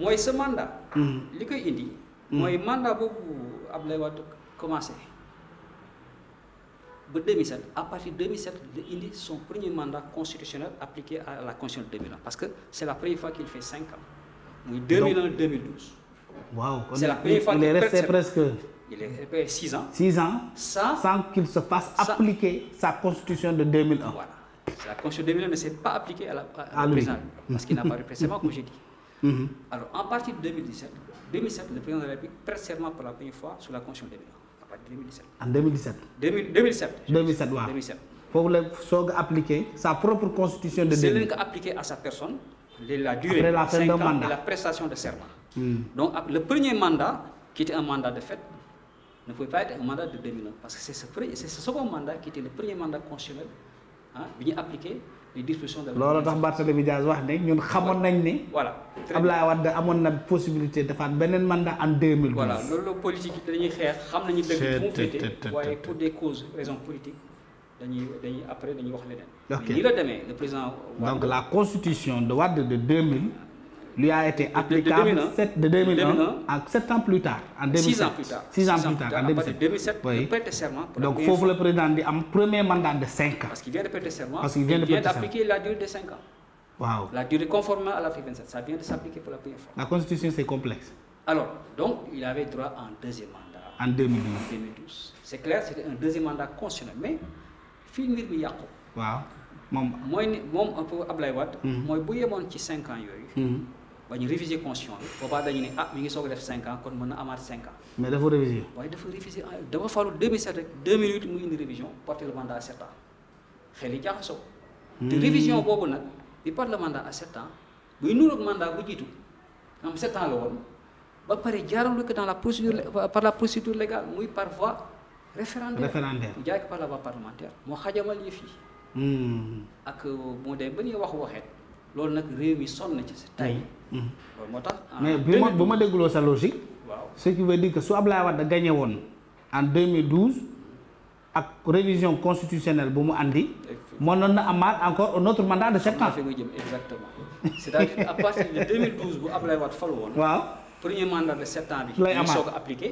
mooy sa mandat. Hmm. li koy indi. Hmm. mooy mandat boobu Abdoulaye Wade commencé ba 2007 à partir de indi son premier mandat constitutionnel appliqué à la constitution de 2001 parce que c' la première fois qu'il fait cinq ans. muy 2001 2012. waaw c' est la première fois qu' il resté presque. sans qu'il se fasse appliquer sa constitution de 2001. voilà la constitution ne s'est pas appliquée à la. à, parce qu'il n'a pas représenté comme j'ai dit. Mmh. Alors, en partir de 2017, 2007, le président de la République prête serment pour la première fois sur la Constitution des En partir de 2017. En 2017 2000, 2007. 2007, waaw 2007. foofu la soog a appliqué sa propre constitution de. c'est lañ ko appliqué à sa personne. la durée Après la fin d'un mandat de la prestation de serment. Mmh. Donc, le premier mandat, qui était un mandat de fait, ne pouvait pas être un mandat de 2009, parce que c'est ce, ce second mandat qui était le premier mandat constitutionnel hein, venu appliquer les dispositions de la loolu tax Barthélémy Dias wax ne ñun xamoon nañ ni. voilà Abdoulaye Wade amoon na possibilité defaat beneen mandat en 2012. voilà loolu la politique yi dañuy xeex xam nañu dëgg fu mu féete waaye pour des causes raisons politiques dañuy après dañuy wax leneen. ok nii la demee le président. donc la constitution de Wade de 2000. lui a été applicable de 2001 à 7 ans plus tard en 2007 ans plus tard 6 ans plus tard en 2007 2007 oui. prêter serment donc foofu le président di am premier mandat de 5 ans parce qu'il vient de prêter serment la durée de 5 ans la durée conforme à l'article 27 ça la constitution c'est complexe alors donc il avait droit à un deuxième mandat en 2012 en 2012 c'est clair c'était un deuxième mandat constitutionnel mais fii mbir hmm. ci 5 ans hmm. ba ñu réviser constitution bi boobaa dañu ne ah mi ngi soog a def 5 ans kon mën na amaat 5 ans. mais dafa réviser. waaye dafa réviser ah, dafa falu 2007 rek 2008 mu indi révision porter le mandat à 7 xel yi jaaxasoo. te hmm. révision boobu nag bi porter le mandat à 7 ans buy nuroog mandat bu jiitu am 7 ans la woon ba pare jaarale ko dans la procédure euh, par la procédure légale muy par voie référendaire. référendaire mu jaay ko par la voie parlementaire moo xajamal yëf yi. Hmm. ak euh, moo dem ba ñuy wax waxeet. loolu nag réew mi sonn ci si tey. Mm-hmm. loolu moo tax. Ah, mais bu ma bu ma dégloo sa logique. waaw ce qui veut dire que su Abdoulaye Wade gagné woon en ak révision constitutionnelle bu mu andi. mënoon na amaat encore un autre mandat de sept ans. fi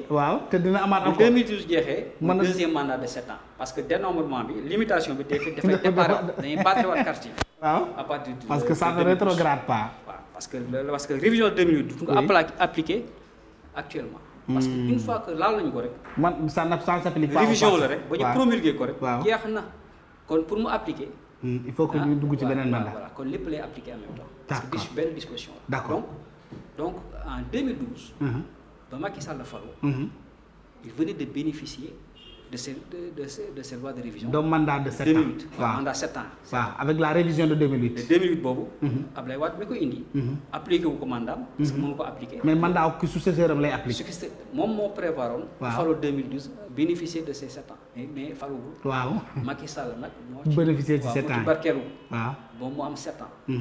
waaw te dina amaat encore bu 2012 jeexee. que dénombrement bi limitation bi dafay départ dañuy waaw à partir de parce que ça ne rétrograde pas. waaw parce que parce que révision 2008. du ko appliqué actuellement. parce que une fois que laal nañu ko rek. man ça ne s'applique pas révision la rek ba ñu promulgué ko rek. waaw na kon pour mu appliquer. il faut que ñu dugg ci beneen mandat voilà kon lépp lay appliqué en même temps. parce d' accord donc en 2012. ba Macky Sall falu. il venait de bénéficier. de ce de ce mandat de sept ans waaw mandat sept ans. waaw avec la révision de 2008. de 2008 boobu. Mhm. Ablaye Wade mi ko indi. Mhm. appliqué wu ko mandat am. parce que mhm. mënu ko appliqué. mais mandat ak successeur am lay appliqué. moom moo prévoir woon. waaw bénéficier de ces sept mais mais faloo waaw Macky nag. moo ci bénéficier de sept ans waaw mu ci barkeelu. waaw bon mu am sept ans.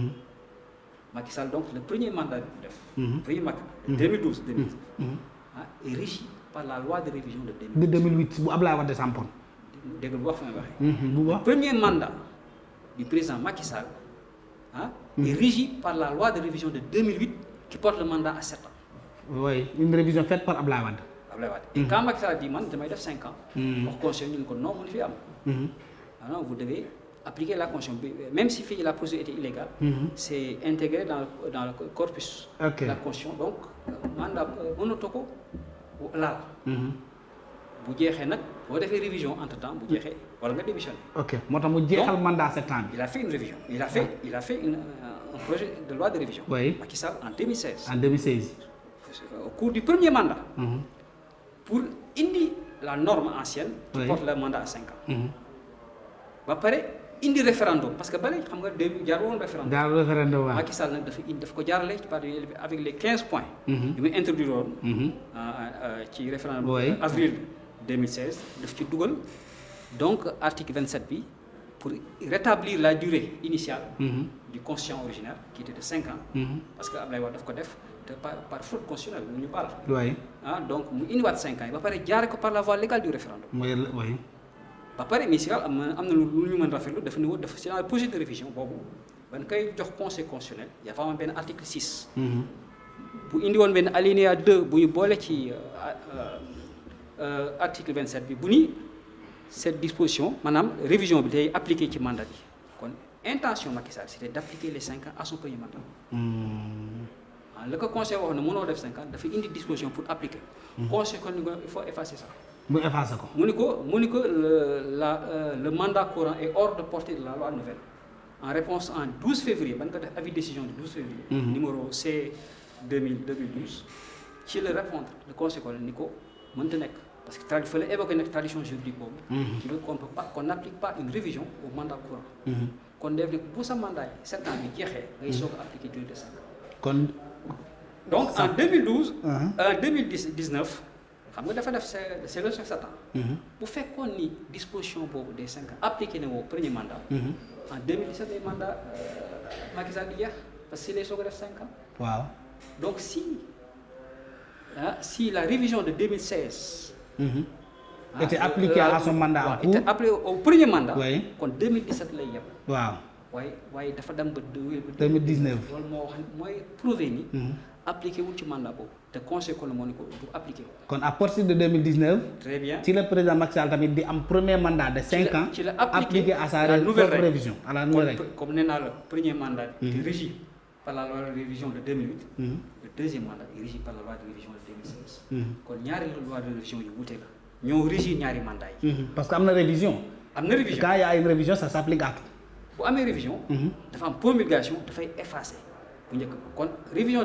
Macky Sall donc le premier mandat bi mu def. premier mandat 2012 2012. ah par la loi de révision de 2008. de 2008 bu Ablaye Wade sampoon. dégg bu wax fi mhm, bu baax premier mandat du président Macky Sall mhm. régi par la loi de révision de 2008 qui porte le mandat à 7 ans. oui une révision faite par Ablaye Wade. Ablaye et mhm. quand Macky di man damay def 5 ans. wax conseil ñu ngi ko non mënu alors vous devez appliquer la constitution bi même si fii la procédure était illégale. Mm -hmm. c'est intégré dans le corpus. la constitution donc euh, euh, laal. Mm-hmm. bu jeexee nag boo defee révision entre temps bu jeexee wala nga démissionné. ok moo tax mu jeexal mandat sept ans bi. il a fait une révision il a fait une euh, projet de loi de révision. oui en en euh, au cours du premier mandat. Mm-hmm. pour indi la norme ancienne. qui porte le mandat a cinq ans. Mm-hmm. ba pare. indi référendum parce que ba léegi xam nga début jaar woon référendum. jaar référendum waaw Macky Sall nag dafa indi daf ko jaarale ci parti bi avec les quinze mhm. mhm. euh, euh, ci dugal donc article bi pour rétablir la durée initiale. Mhm. du constitution original qui était de cinq ans. parce que Ablaye Wade daf ko def par par faute constitutionnelle mu ñu baal. Ah, donc mu indiwaat cinq ans yi ba pare jaare ko par la voie légale du référendum. ba pare initial am na am na lu ñu mën rafetlu dafa ne woon dafa si projet de révision boobu ban koy jox conseil constitutionnel dafa amoon benn article 6. Mhm. bu indi woon benn alinéa 2 bu boole ci euh, euh, euh, article bi bu ni cette disposition maanaam révision bi day appliqué ci mandat yi kon intention Macky Sall c'était d'appliquer les cinq ans a son premier mandat. Mhm. Ah, la ko conseil wax na mënoo def cinq ans dafa indi disposition pour appliquer. Mhm. conseil kon il faut effacer mu effacé mu ni la euh, mandat courant est hors de portée de la loi nouvelle en réponse en février ba ñu ko def avis décision du février mm-hmm. numéro C 2000 répondre le conseil ko ni ko mënta nekk parce que tradi fa nekk tradition juridique boobu mm-hmm. qui veut qu'on n'applique pas une révision au mandat courant mm-hmm. kon def ni sa mandat yi sept ans ngay soog a appliqué durée de cinq donc en en xam nga dafa def sa c'est le chef sa mhm. bu fekkoon ni disposition boobu des cinq ans appliqué na woo premier mandat mhm. en 2017 les mandats euh, Macky Sall di si lay soog a def cinq ans waaw donc si ah, si la révision de 2016 mhm. ah était euh, appliquée à euh, son mandat en cours était appliquée au premier mandat kon 2017 lay yem waaw waaye waaye dafa dem ba 2019 loolu moo wax mooy prouvé ni appliqué wul ci mandat boobu te conseil kon moo ni ko du appliqué. kon à partir de 2019. très bien ci la président Macky Sall tamit di am premier mandat de cinq ans. ci la appliqué à sa révision à la nouvelle règle comme nee naa la premier mandat. di mhm. par la loi de révision de 2008. Mhm. le deuxième mandat di par la loi de révision de 2016. Mhm. kon ñaari loi de révision yu wuute la ñoo régi ñaari mandat yi. parce que am na révision. am na révision quand y a une révision ça s'applique à kon révision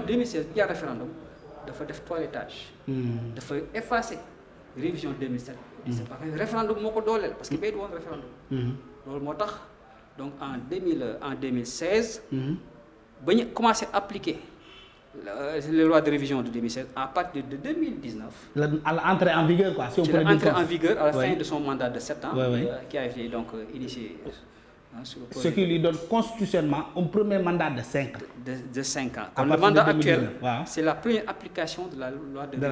2016 bi y a référendum. dafa def toilettage. Hmm. dafa effacer révision de 2017 parce que référendum moo ko dooleel parce que béy du woon référendum. Hmm. loolu moo tax donc en deux mille en 2016. Hmm. ba ñu commencé appliquer. Euh, les lois de révision de 2016 à partir de 2019. la l'entrée en vigueur quoi. si on peut dire l'entrée en vigueur à la oui. fin de son mandat de sept ans. Oui, oui. Euh, a été donc euh, initié. Ah, ce qui lui donne constitutionnellement un premier mandat de 5 ans. De, de ans. c'est la première application de la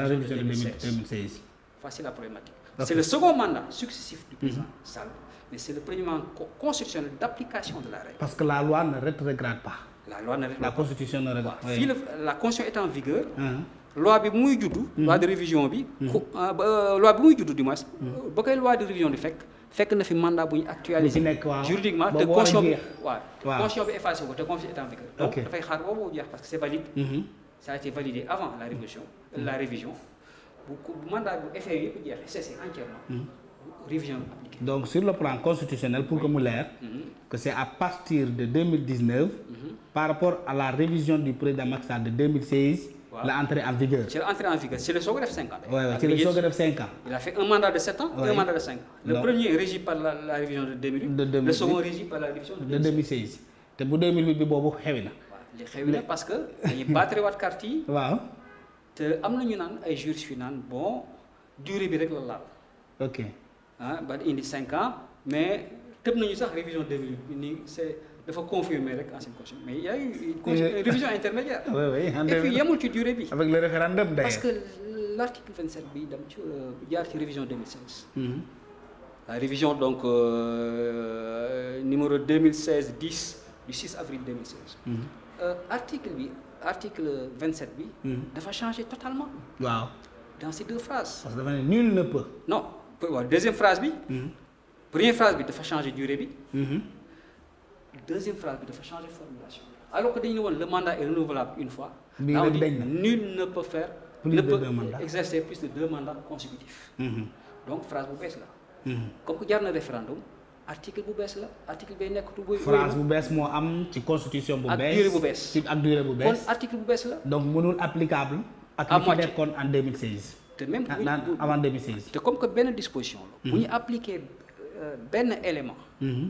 révision de la problématique. C'est le second mandat successif du président mm mais c'est le premier constitutionnel d'application de la règle. Parce que la loi ne rétrograde pas. La constitution est en vigueur, loi bi muy juddu. Hmm. loi de révision bi. Hmm. Ah, euh, loi bi muy juddu du moins. Hmm. Euh, ba koy loi de révision di fekk fekk na fi mandat bu ñu actualisé. juridiquement te constitution bi waaw ko te constitution étant vécu. dafay xaar boobu boobu parce que c' est valide. Mm-hmm. a été validé avant la révision. Mm-hmm. la révision bu mandat bu effet yëpp jeexee cessé entièrement. Mm-hmm. révision appliquée. donc sur le plan constitutionnel pour que mu leer. que c' est à partir de 2019. par rapport à la révision du président Macky Sall de 2016. la entrée en vigueur. ci la entrée en vigueur ci la soog a def 5 ans. waaw la soog a def 5 ans. il a fait un mandat de 7 ans. un mandat de 5 ans. le premier régi par la révision de 2008. de 2008 le second régi par la révision de 2016. te bu bi boobu xewi na. li xewi na parce que dañuy battre waat carte yi. waaw te am na ñu naan ay juristes yu naan bon durée bi rek la laal. ok ah ba indi 5 ans mais tëb nañu sax révision 2008 bi nii dafa confirmer rek ancienne constitution mais il y a eu ah durée bi. avec le référendum que l' article 27 bi dem ci jaar ci révision 2016. Mhm. la révision donc euh, numéro 2016 10 du 6 avril 2016. Mm -hmm. euh, article bi mhm. dafa changer totalement. waaw dans ces deux phrases. parce que dafa ne nul ne peut. Mhm. bi. dafa changer durée bi. deuxième phrase bi dafa changer formulation alors que dañu ne mandat est renouvelable une fois. bii nag dañ na nul ne peut faire. plus de deux mandats ne peut exercer de deux mandats donc phrase bu bees la. Mhm. comme que jar référendum article bu bees la article bay nekkatu booy. phrase bu bees moo am ci constitution bu bees ak durée bu bees ci ak durée bu bees. kon article bu bees la. donc mënul applicable. ak li fi nekkoon en 2016. te même ah, bu avant te comme que benn disposition la. Mhm. bu ñu appliquer euh, benn élément. Mhm.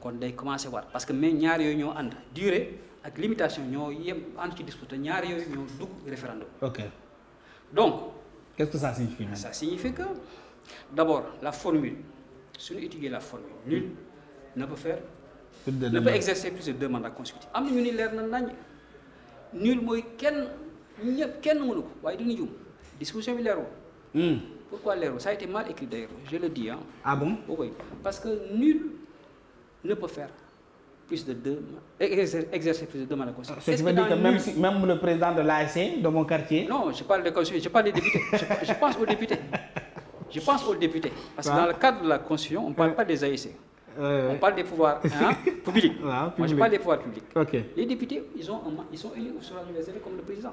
kon day commencé war parce que mais ñaar yooyu ñoo ànd durée ak limitation ñoo yem ànd ci dispute ñaar yooyu ñoo dugg référendum. ok donc. qu'est-ce que ça signifie. ça signifie que d'abord la formule suñu si étudier la formule nul ne peut faire. ne peut exercer plus de deux mandats consécutifs am na ñu ni leer na nañ nul mooy kenn ñëpp kenn mënu ko waaye du ñu jum disposition bi leerul. Hmm. pourquoi leerul ça a été mal écrit d'ailleurs je le dis ah. ah bon parce que nul. ne peut faire plus de deux mandats consécutifs. cest à que, que le président de l'ASC de mon quartier. Non, je parle des députés. je, pense aux députés. Parce que dans le cadre de la Constitution, on ne parle euh, des ASC. Euh, on parle des pouvoirs publics. Les députés, ils, ont un, ils sont élus comme le président.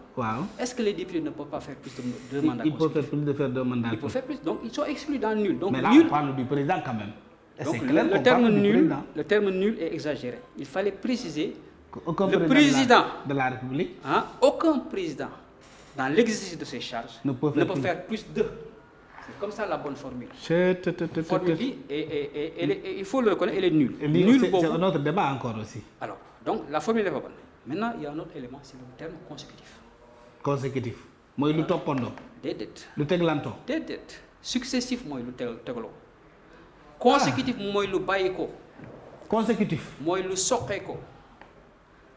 Est-ce que les députés ne peuvent pas faire plus de deux mandats Ils peuvent faire plus de faire deux mandats. Ils sont exclus dans le nul. Mais Donc clair le, le terme nul, le terme nul est exagéré. Il fallait préciser le président de la, de la République, aucun président dans l'exercice de ses ne peut faire, plus de. C'est comme ça la bonne formule. Formule et, il faut le reconnaître, elle est nulle. Nul c'est un autre débat encore aussi. Alors, donc la formule n'est pas bonne. Maintenant, il y a un autre élément, consécutif. Moi, le top pendant. Des dettes. teglanto. Successif, moi, le teglanto. consécutif mooy lu bàyyi ko. consécutif. mooy lu soqee ko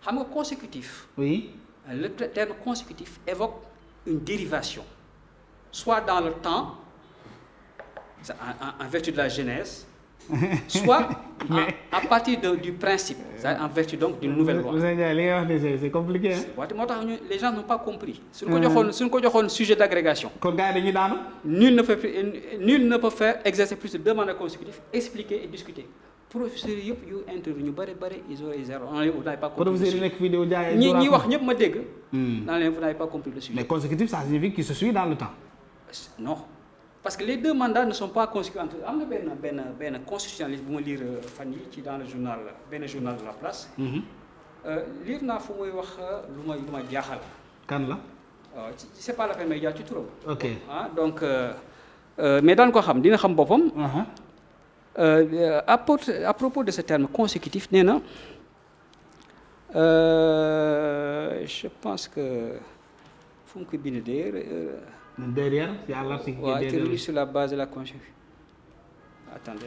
xam nga consécutif. oui le terme consécutif évoque une dérivation soit dans le temps en, en, en vertu de la Genèse. soit à, à partir de, du principe c'est-à-dire en vertu donc d'une nouvelle loi. Moussa Ndiaye li nga wax nii c'est compliqué waaye moo tax ñu les gens n'ont pas compris. suñ ko euh. joxoon suñ ko joxoon sujet d'agrégation. kon gars yi dañuy daanu. nul ne peut nul ne plus de deux mandats expliquer et discuter. professeurs yëpp yu interview ñu bëri bëri ils auraient zéro on vous n'avez pas compris. professeurs yi nekk fii hmm. vous n'avez pas compris le sujet. mais consécutif ça signifie qu'il se suit dans le temps. non. parce que les deux mandats ne sont pas consécutifs am na benn benn benn bu ma lire euh, fan yi ci dans le journal benn journal de la place. Mhm. Euh, lire naa fu muy wax euh, lu ma lu ma jaaxal. kan la. waaw pas la peine may ci turam. ok ah, donc mais daan ko xam dina xam boppam. Uh-huh. à de ce terme consécutif nee na je pense que fu mu ko bindee. derrière c'est à l'article ouais, derrière. sur la base de la conjecture. Attendez,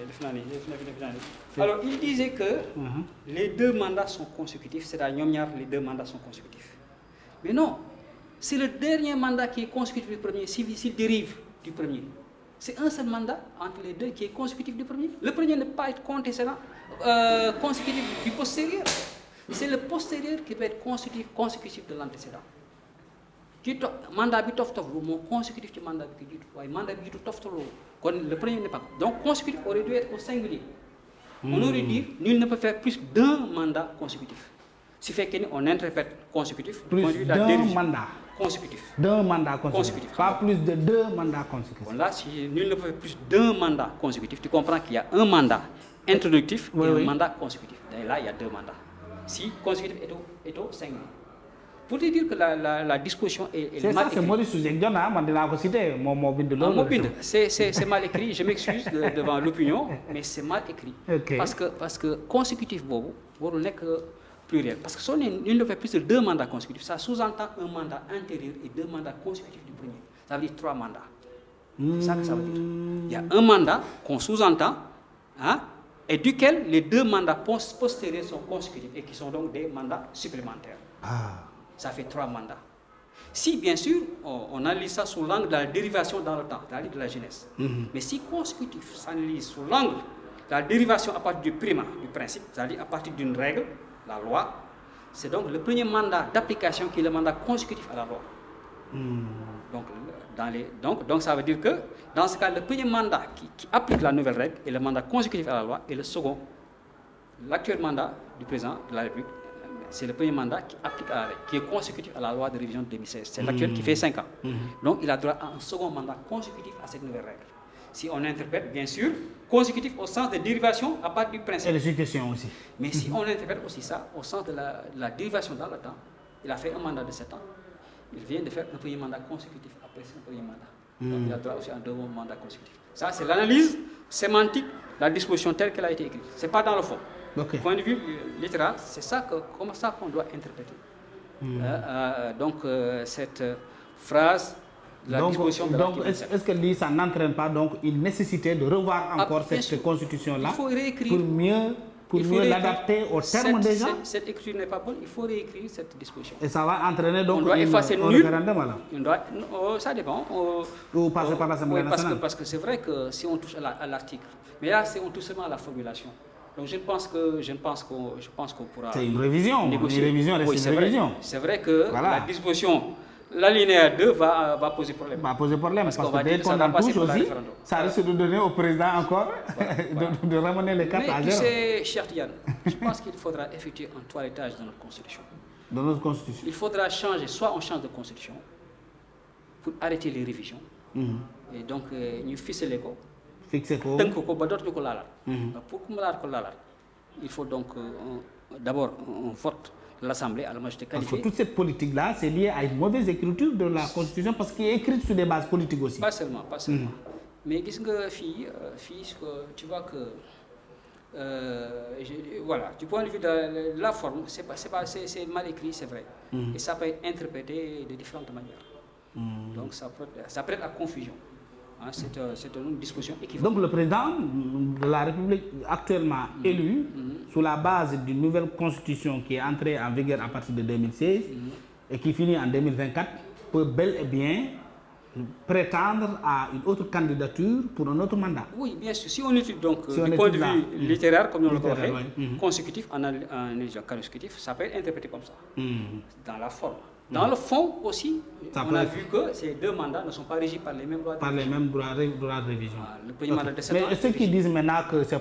Alors, il disait que uh -huh. les deux mandats sont consécutifs, c'est-à-dire les deux mandats sont consécutifs. Mais non, c'est le dernier mandat qui est consécutif du premier, s'il dérive du premier. C'est un seul mandat entre les deux qui est consécutif du premier. Le premier ne peut pas être compté, euh, consécutif du postérieur. C'est le postérieur qui peut être consécutif, consécutif de l'antécédent. ci to mandat bi tof toflu moo consécutif ci mandat bi ki jiitu waaye mandat bi jiitu kon le premier n'est pas donc consécutif aurait dû être au singulier on hmm. aurait dit nul ne peut faire plus d'un mandat consécutif su fekkee ni on interprète consécutif plus d'un mandat consécutif d'un mandat pas plus de deux mandats consécutifs bon là si nul ne peut faire plus d'un mandat consécutif tu comprends qu'il y a un mandat introductif et un mandat consécutif et là il si consécutif est au est singulier pour te dire que la la est. mal écrit je m' devant l' opinion mais c' mal écrit. parce que consécutif boobu warul nekk pluriel parce que soo ne fait deux mandats consécutifs ça sous-entend un mandat antérieur et deux mandats consécutifs du premier ça veut dire trois mandats. c'est que ça veut dire il y a un et duquel les deux mandats postérieurs sont consécutifs et qui sont donc des mandats supplémentaires. Ah. ça fait trois mandats. Si, bien sûr, on, analyse sous l'angle de la dérivation dans le temps, c'est-à-dire de la jeunesse. Mhm. Mais si consécutif s'analyse sous l'angle de la dérivation à partir du primat, du principe, c'est-à-dire d'une règle, la loi, c'est donc le premier mandat d'application qui est le mandat consécutif à la loi. Mmh. Donc, dans les, donc, donc ça veut dire que dans ce cas, le premier mandat qui, qui applique la consécutif à la loi et le second, l'actuel mandat du président de la République c'est le premier mandat qui est consécutif à la loi de révision de C'est l'actuel qui mmh. fait 5 ans. Mmh. Donc a droit un second mandat consécutif à cette nouvelle règle. Si on interprète, bien sûr, consécutif au sens de dérivation à part du principe. Mais si mmh. on interprète aussi ça au sens de la, dérivation dans le temps, il a fait un mandat de 7 ans. Il vient de faire un premier mandat consécutif après son mmh. un deuxième mandat consécutif. c'est l'analyse c'est ça que, comme ça qu'on doit interpréter. Mmh. Euh, donc euh, cette phrase la donc, donc est-ce est que ça n'entraîne pas donc une nécessité de revoir ah, encore ah, cette constitution-là pour mieux, pour mieux l'adapter au terme des gens cette, écriture n'est pas bonne, il faut réécrire cette disposition. Et ça va entraîner donc on une, effacer un nul, référendum oh, oh, oh, Parce que c'est vrai que si on touche à l'article, mais là si on touche à la formulation, Donc je pense que je pense qu'on je pense qu'on pourra. révision. Négocier. la disposition l'alinéa 2 va va poser problème. parce, parce qu que dès qu'on en touche aussi, ça risque de donner au président encore voilà, voilà. De, ramener les cartes à zéro. cher Diane, je pense qu'il faudra effectuer un toilettage dans notre constitution. Dans notre constitution. Il faudra changer, soit on change de constitution pour arrêter les révisions. Mm -hmm. Et donc euh, ñu euh, ficeler fixé ko tënk ko ba dootuñu ko laalaat. Mhm. pour que ko laalaat il faut donc euh, vote de à la majorité qualifiée. toute cette politique là c' est à une mauvaise écriture de la constitution parce qu'elle est écrite sur des bases politiques aussi. pas seulement pas seulement. Mmh. mais gis fi fii euh, fii tu vois que. Euh, voilà du point de vue de la, de la forme c'est pas c'est mal écrit c'est vrai. Mhm. et ça peut être interprété de différentes manières. Mhm. donc ça peut ça à confusion. ah c' est c' est une discussion équivoque. donc le président la République actuellement mm-hmm. élu. Mm-hmm. sous la base d'une nouvelle constitution qui est entrée en vigueur à partir de 2016. Mm-hmm. et qui finit en 2024 peut bel et bien prétendre à une autre candidature pour un autre mandat. Oui, bien sûr. Si on étudie donc si du point de vue mm. littéraire, on le connaît, consécutif en, en, en, en, ça peut être interprété comme ça, Dans le fond aussi, a être... vu que ces deux mandats ne sont pas régis par les mêmes droits de révision. Par les de révision. Mais ceux qui disent maintenant que ce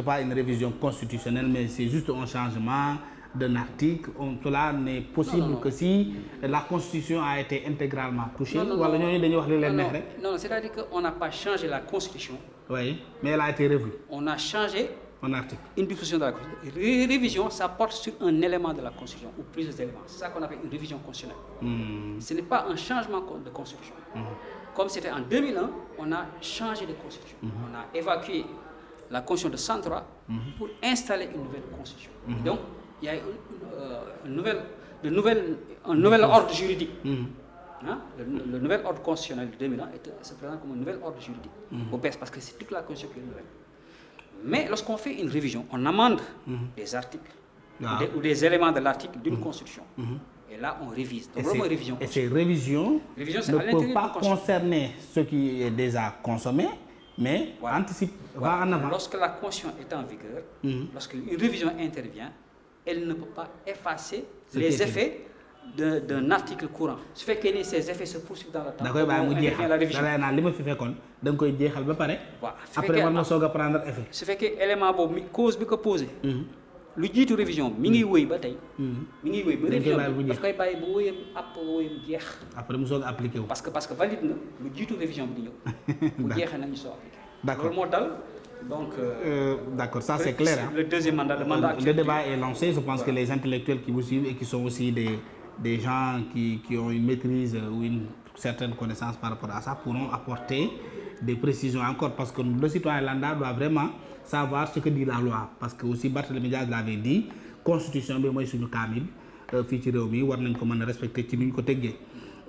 pas, une révision constitutionnelle, mais c'est juste un changement d'un article, on, cela n'est possible que si la Constitution a été intégralement touchée. Non, non, c'est-à-dire qu'on n'a pas changé la Constitution. Oui, mais elle a été revue. On a changé Un article. Une diffusion de la Constitution. Ré révision, ça porte sur un élément de la Constitution ou plusieurs éléments. C'est ça qu'on appelle une révision constitutionnelle. Mmh. Ce n'est pas un changement de Constitution. Hmm. Comme c'était en on a changé de Constitution. Hmm. On a évacué la Constitution de 103 hmm. pour installer une nouvelle Constitution. Donc, il y a une, euh, une nouvelle, de ordre juridique. Le, nouvel ordre constitutionnel de 2001 est, se présente comme un la Mais lorsqu'on fait une révision, on amende mmh. des articles ah. ou, des, ou, des, éléments de l'article d'une mmh. construction. Mmh. Et là, on révise. Donc, et, révision. et ces révisions révision, ne peuvent pas concerner ce qui est déjà consommé, mais voilà. anticipe, voilà. va en avant. Lorsque la caution est en vigueur, mhm. lorsqu'une révision intervient, elle ne peut pas effacer les effets d'un d'un article courant su fekkee ni ces effets se poursuivent dans le temps. da koy bàyyi mu jeexal da lay li ma fi fekkoon da koy jeexal ba pare. après man ma ah, soog a prendre effet. su fekkee élément boobu mi cause bi ko posé. Mhm. lu jiitu révision bi mi ngi mhm. wëy ba tey. Mhm. mi ngi wëy bu wëyam àpp wëyam jeex. après mu soog a appliqué wu. parce que parce que valide na lu jiitu révision bi di ñëw. bu jeexee nañu soo appliqué. d'accord moo dal. Donc, euh, euh d'accord, ça c'est clair. Le deuxième mandat, le mandat actuel. Le Je pense que les intellectuels qui vous suivent et aussi des, de gens qui, qui, ont une maîtrise une certaine connaissance par rapport à ça pourront apporter des précisions encore parce que le citoyen lambda doit vraiment savoir ce que dit la loi parce que aussi Barthélémy Diaz l'avait dit constitution bi mooy suñu kaamil euh, fii ci réew mi war nañ ko mën a respecter ci ni ñu ko tëggee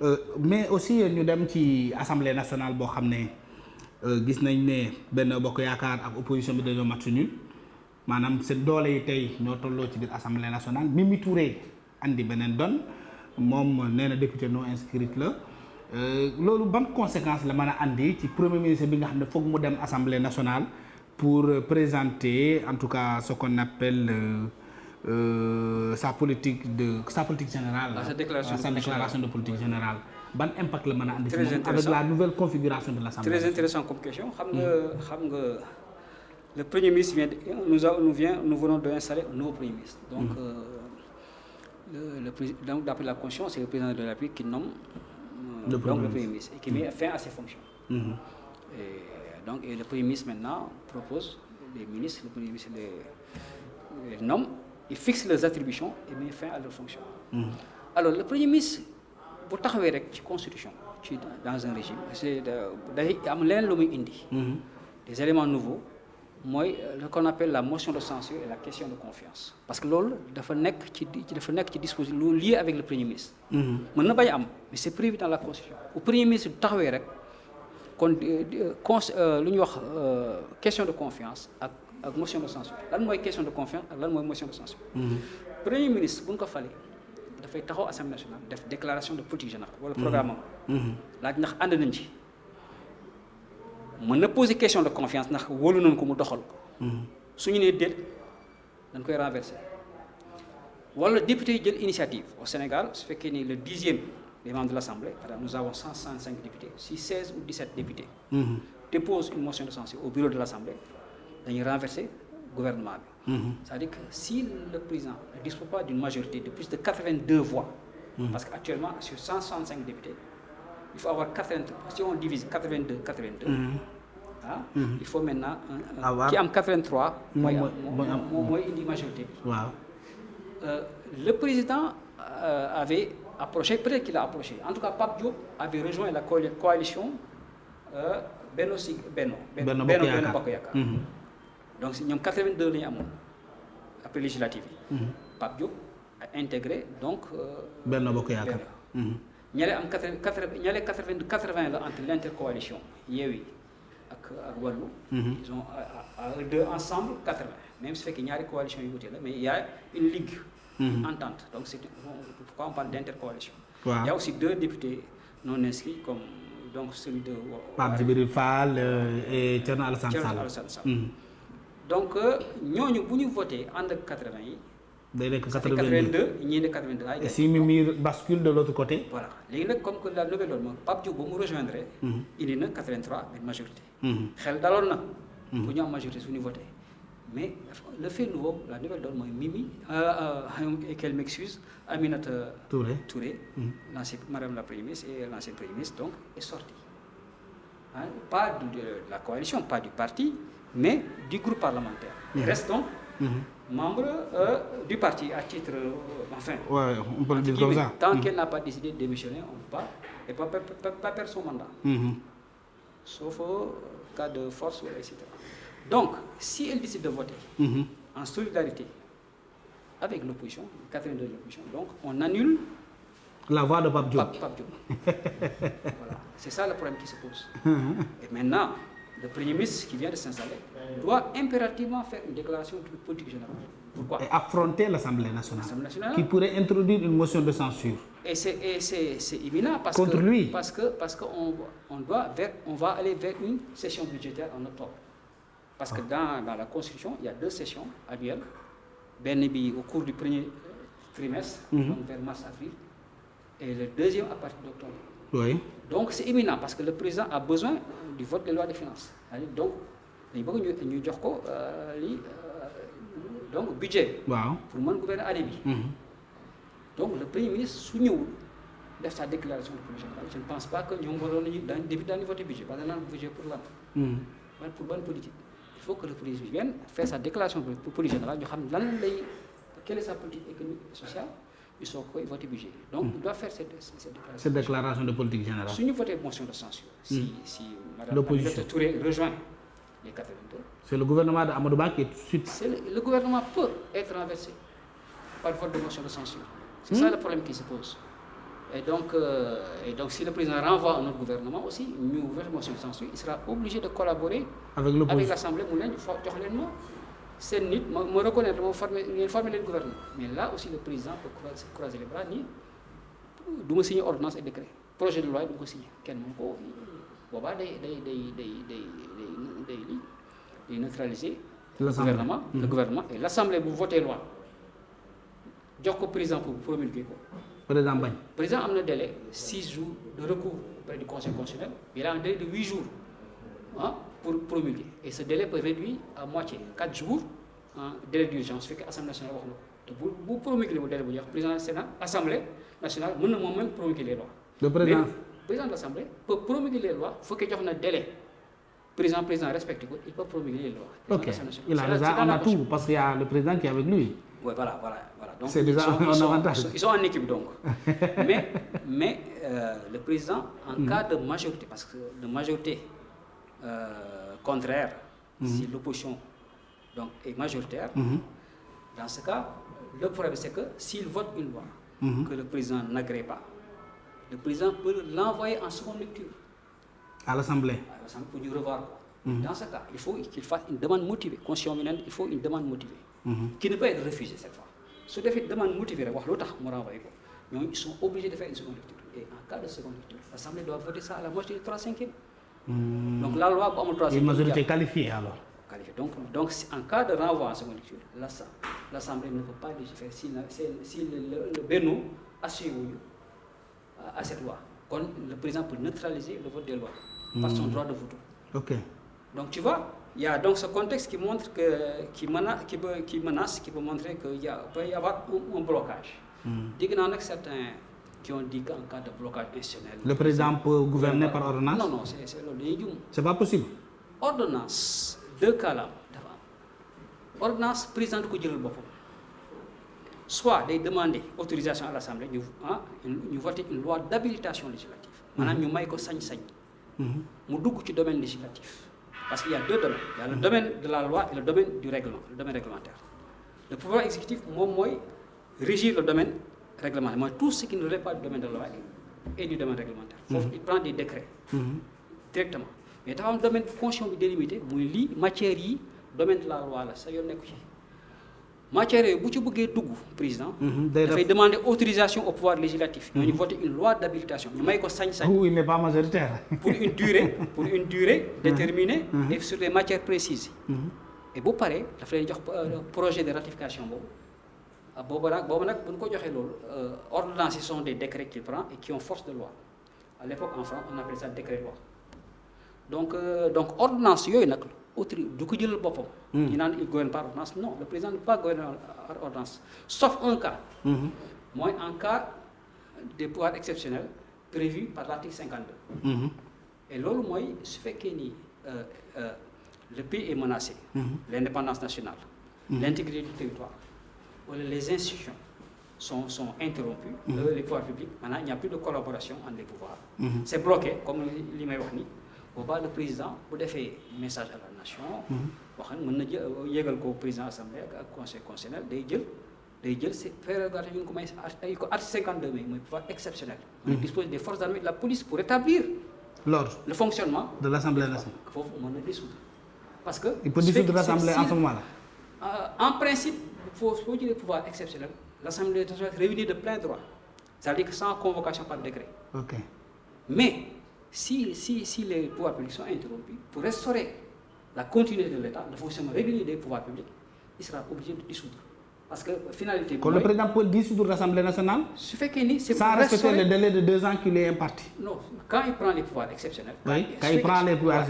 euh, mais aussi ñu dem ci assemblée nationale boo xam ne euh, gis nañ ne benn bokk yaakaar ak opposition bi dañoo mat maanaam seen doole yi tey ñoo tolloo ci biir assemblée nationale Mimi Touré moom nee na député non inscrite la euh, loolu ban conséquence la mën a indi ci premier ministre bi nga xam ne foog mu dem assemblée nationale pour présenter en tout cas ce qu'on appelle euh, euh sa politique de sa politique générale. Ah, sa déclaration, sa déclaration de politique générale. ban impact la mën a andi. très intéressant avec la nouvelle configuration de l'assemblée. très intéressant comme question xam nga mm. xam nga le premier ministre vient nous a premier ministre. donc. Mm. Euh, le, le président, donc d'après la Constitution, c'est le président de la République qui nomme euh, le, premier donc, le, Premier ministre qui met fin à ses fonctions. Mm-hmm. et, le Premier ministre maintenant propose les ministres, le Premier ministre les, les nomme, il fixe leurs attributions et met fin à leurs fonctions. Mm-hmm. Alors le Premier ministre bu taxawee rek ci constitution ci dans un régime c'est day am indi. Mm-hmm. des éléments nouveaux mooy ce euh, qu'on appelle la motion de censure et la question de confiance parce que loolu dafa nekk ci dafa nekk ci disposition lu lié avec le premier ministre mm-hmm. mën na bañ am mais c'est la constitution bu premier ministre kon euh, euh, con lu ñuy wax question de confiance ak ak motion de censure lan mooy question de confiance ak lan mooy motion de censure mm-hmm. premier bu ñu ko falee dafay taxaw assemblée nationale def déclaration de politique générale wala programme am mm-hmm. laaj ndax ànd nañ ci mën na poser question de confiance ndax wóolu nañ ko mu doxal ko hmm. ñu ne déet dañ koy renverser wala député yi jël initiative au Sénégal su fekkee ni le dixième des membres de l'Assemblée par exemple nous avons 165 députés si 16 ou 17 députés mmh. déposent une motion de censure au bureau de l'Assemblée dañuy renverser gouvernement bi hmm. c'est-à-dire que si le président ne dispose pas d'une majorité de plus de 82 voix mmh. parce que actuellement sur il faut avoir 80 si on divise 82 82. ah. Mhm. il faut maintenant. avoir ah, ki am 83. mooy am mooy indi majorité bi. waaw. Euh, le président euh, avait approché peut-être qu'il a approché en tout cas Pape Diop avait rejoint la coalition euh, Benno Sig Benno. Benno Bokk Yaakaar mhm. donc si ñoom 82 la ñu amoon après législative yi. Mhm. Diop intégré donc. Benno Bokk Yaakaar ñale am quatre quatre ñale quatre vingt quatre vingt la entre l' intercoalition Yewwi ak ak Wallu. Mhm. ils ont deux ensemble quatre vingt même su ñaari coalition yi wute la mais y' a une ligue. Mhm. entente donc c' est pourquoi on parle d' intercoalition. waaw y' a aussi deux députés non inscrits comme donc celui de. Pape Djibril Fall euh, et Thierno Alassane Sall. Mhm. donc euh, ñooñu bu ñu voté ànd quatre vingt yi. day nekk 82 ñii ne 82 ay. si Mimi bascule de l' autre côté. voilà léegi nag comme que la nouvelle loolu moom Pape Diop ba mu rejoindre. Mhm. indi na 83 une majorité. Mhm. xel daloon na. bu mhm. ñu am majorité suñu voté. mais le fait nouveau la nouvelle donne Mimi euh, euh, et qu'elle m'excuse Aminata Touré Touré madame la première ministre et l'ancienne première ministre donc est sortie pas de, la coalition pas du parti mais du groupe parlementaire il membre euh, du parti à titre euh, enfin. Ouais, on peut le dire comme ça. Tant mm. qu'elle n'a pas décidé de démissionner, on pas, et pas, pas, son mandat. Mm-hmm. Sauf euh, cas de force, etc. Donc, si elle décide de voter mm-hmm. en solidarité avec l'opposition, donc on annule. La voix de Pape Diop. voilà. C'est ça le problème qui se pose. Mm-hmm. Et maintenant, le Premier ministre qui vient de s'installer doit impérativement faire une déclaration de politique générale. Et affronter l'Assemblée nationale, qui pourrait introduire une motion de censure. Et c'est imminent parce qu'on on doit vers, on va aller vers une session budgétaire en octobre. Parce que ah. dans, dans, la Constitution, il y a deux sessions annuelles. Benébi au cours du premier euh, trimestre, mhm. donc le deuxième à partir d'octobre. Donc le président a besoin di vote des lois de finances donc dañu bëgg ñu ñu jox ko euh, lii euh, donc budget. waaw pour mën gouverner année bi. Mhm. donc le premier ministre su ñëwul def sa déclaration de politique générale je ne pense pas que ñoom waroon nañu daan début daan voté budget parce que naan budget pour lan. man mhm. pour politique. il faut que le président faire sa déclaration de politique générale ñu xam lan lay quelle est sa politique économique sociale. il sont ils vont être obligés. donc ils mm. doivent faire cette cette déclaration. cette déclaration de politique générale. su ñu voté motion de censure. Mm. si si madame Aminata c'est le gouvernement de Amadou Ba qui suite. le, gouvernement peut être renversé par vote de motion de censure. c'est mmh. le problème qui se pose. et donc euh, et donc si le président renvoie un autre gouvernement aussi ñu voté motion de censure il sera obligé de collaborer. avec l'opposition avec l'Assemblée mu seen nit ma ma reconnaître ma formé ngeen formé leen gouvernement mais là aussi le président peut croiser les bras ni du ma signé ordonnance décret projet de loi yi ko signé kenn mënu ko booba day day day day day day lii day neutraliser le gouvernement le mm-hmm. gouvernement et l'assemblée bu voté loi jox ko président pour promulguer ko président bañ président am na délai six jours de recours auprès du conseil constitutionnel il a un délai de huit jours ah pour promulguer et ce délai peut réduit à moitié quatre jours en délai d'urgence fekk assemblée nationale wax na te promulguer bu délai bu jeex président sénat assemblée nationale mën na moom promulguer les lois. président de l'assemblée peut promulguer les lois fekk jox na délai président président respecté peut promulguer les lois. il a raison on a parce qu'il y a le président qui avec lui. oui voilà voilà donc. ils sont en équipe euh, contraire, mm -hmm. si l'opposition donc, est majoritaire, mm -hmm. dans ce cas, le problème c'est que s'il vote une loi mhm. que le président n'agrée pas, le président peut l'envoyer en seconde lecture. À l'Assemblée À l'Assemblée pour lui revoir. Mhm. Dans ce cas, il faut qu'il fasse une demande motivée. Conscient il faut une demande motivée mhm. qui ne peut être refusée cette fois. su defee demande motivée rek wax lu tax mu renvoyé ils sont obligés de faire une seconde lecture et en cas de seconde lecture l'Assemblée doit Hmm. donc la loi bu amul troisième des majorités donc donc en cas de renvoi en seconde lecture l'assemblée ne peut pas légiférer si le le Benno à cette loi kon le président peut neutraliser le vote des lois. par son hmm. droit de veto. ok donc tu vois. Il y a donc ce contexte qui montre que qui menace qui peut qui menace qui peut montrer que il y a peut avoir un, blocage. Hmm. Dégg naa qui ont dit qu'en cas de blocage institutionnel. Le président peut gouverner par ordonnance Non, non, c'est loolu pas possible. ordonnance deux cas la dafa am ordonnance président du ko jëlal boppam soit day demander autorisation à l'Assemblée ñu ah ñu voter une loi d'habilitation législative. maanaam ñu may ko sañ-sañ. Mhm. mu dugg ci domaine législatif. parce que y deux domaines il le mhm. domaine de la loi et le domaine du règlement le domaine réglementaire le pouvoir exécutif moom réglementaire mooy tout ce qui ne relève pas du domaine de loi et du domaine réglementaire. Mm-hmm. foofu il prend des décrets. Mm-hmm. directement mais dafa domaine constitution bi délimité muy lii matière yi domaine de la loi la sa yoon nekku ci. matière yooyu bu ci bëggee dugg président. Mm-hmm. dafay demander autorisation au pouvoir législatif. ñooñu voter une loi d'habilitation ñu may ko sañ-sañ. oui mais pas majoritaire. pour une durée pour une durée déterminée. et sur des matières précises. et bu paree jox euh, projet de ratification boobu. Ah, boobu nag boobu nag bu ñu ko joxee loolu euh, ordonnances yi sont des décrets qu'il prend et qui ont force de loi à l'époque en on appelait ça décret loi donc euh, donc ordonnance yooyu nag autorité du ko jëlal boppam. Hmm. ñu naan il gouverne par ordonnance non le président ne peut pas gouverner par ordonnance sauf un cas. Mm -hmm. mooy en cas de pouvoir exceptionnel prévu par l'article hmm. et loolu mooy su fekkee ni euh, le pays est menacé. Mm -hmm. l'indépendance nationale. Hmm. l'intégrité du territoire. wala les institutions sont, sont interrompues, mm -hmm. les pouvoirs publics, maintenant il n'y a plus de collaboration entre les pouvoirs. Mm-hmm. C'est bloqué, comme li may wax ni boobaa le président bu defee message à la nation mm-hmm. waxan mën na jë euh, yëgal ko président assemblée ak ak conseil constitutionnel day jël day jël ses prérogatives yu ñu ko may ay ko article 52 mai mooy pouvoir exceptionnel mm-hmm. de la police pour rétablir l'ordre le fonctionnement de l'assemblée nationale foofu mën na dissoudre parce que euh, en principe faut foo jëlee pouvoir exceptionnel l'Assemblée nationale réunie de plein droit cest à que sans convocation par décret. mais si si si les pouvoirs publics sont interrompus pour restaurer la continuité de l'État le fonctionnement régulier des pouvoirs publics il sera obligé de parce que finalité. kon le président peut dissoudre l'Assemblée nationale. sans respecter le délai de deux ans qui lui est quand il prend les pouvoirs exceptionnels. quand il prend des pouvoirs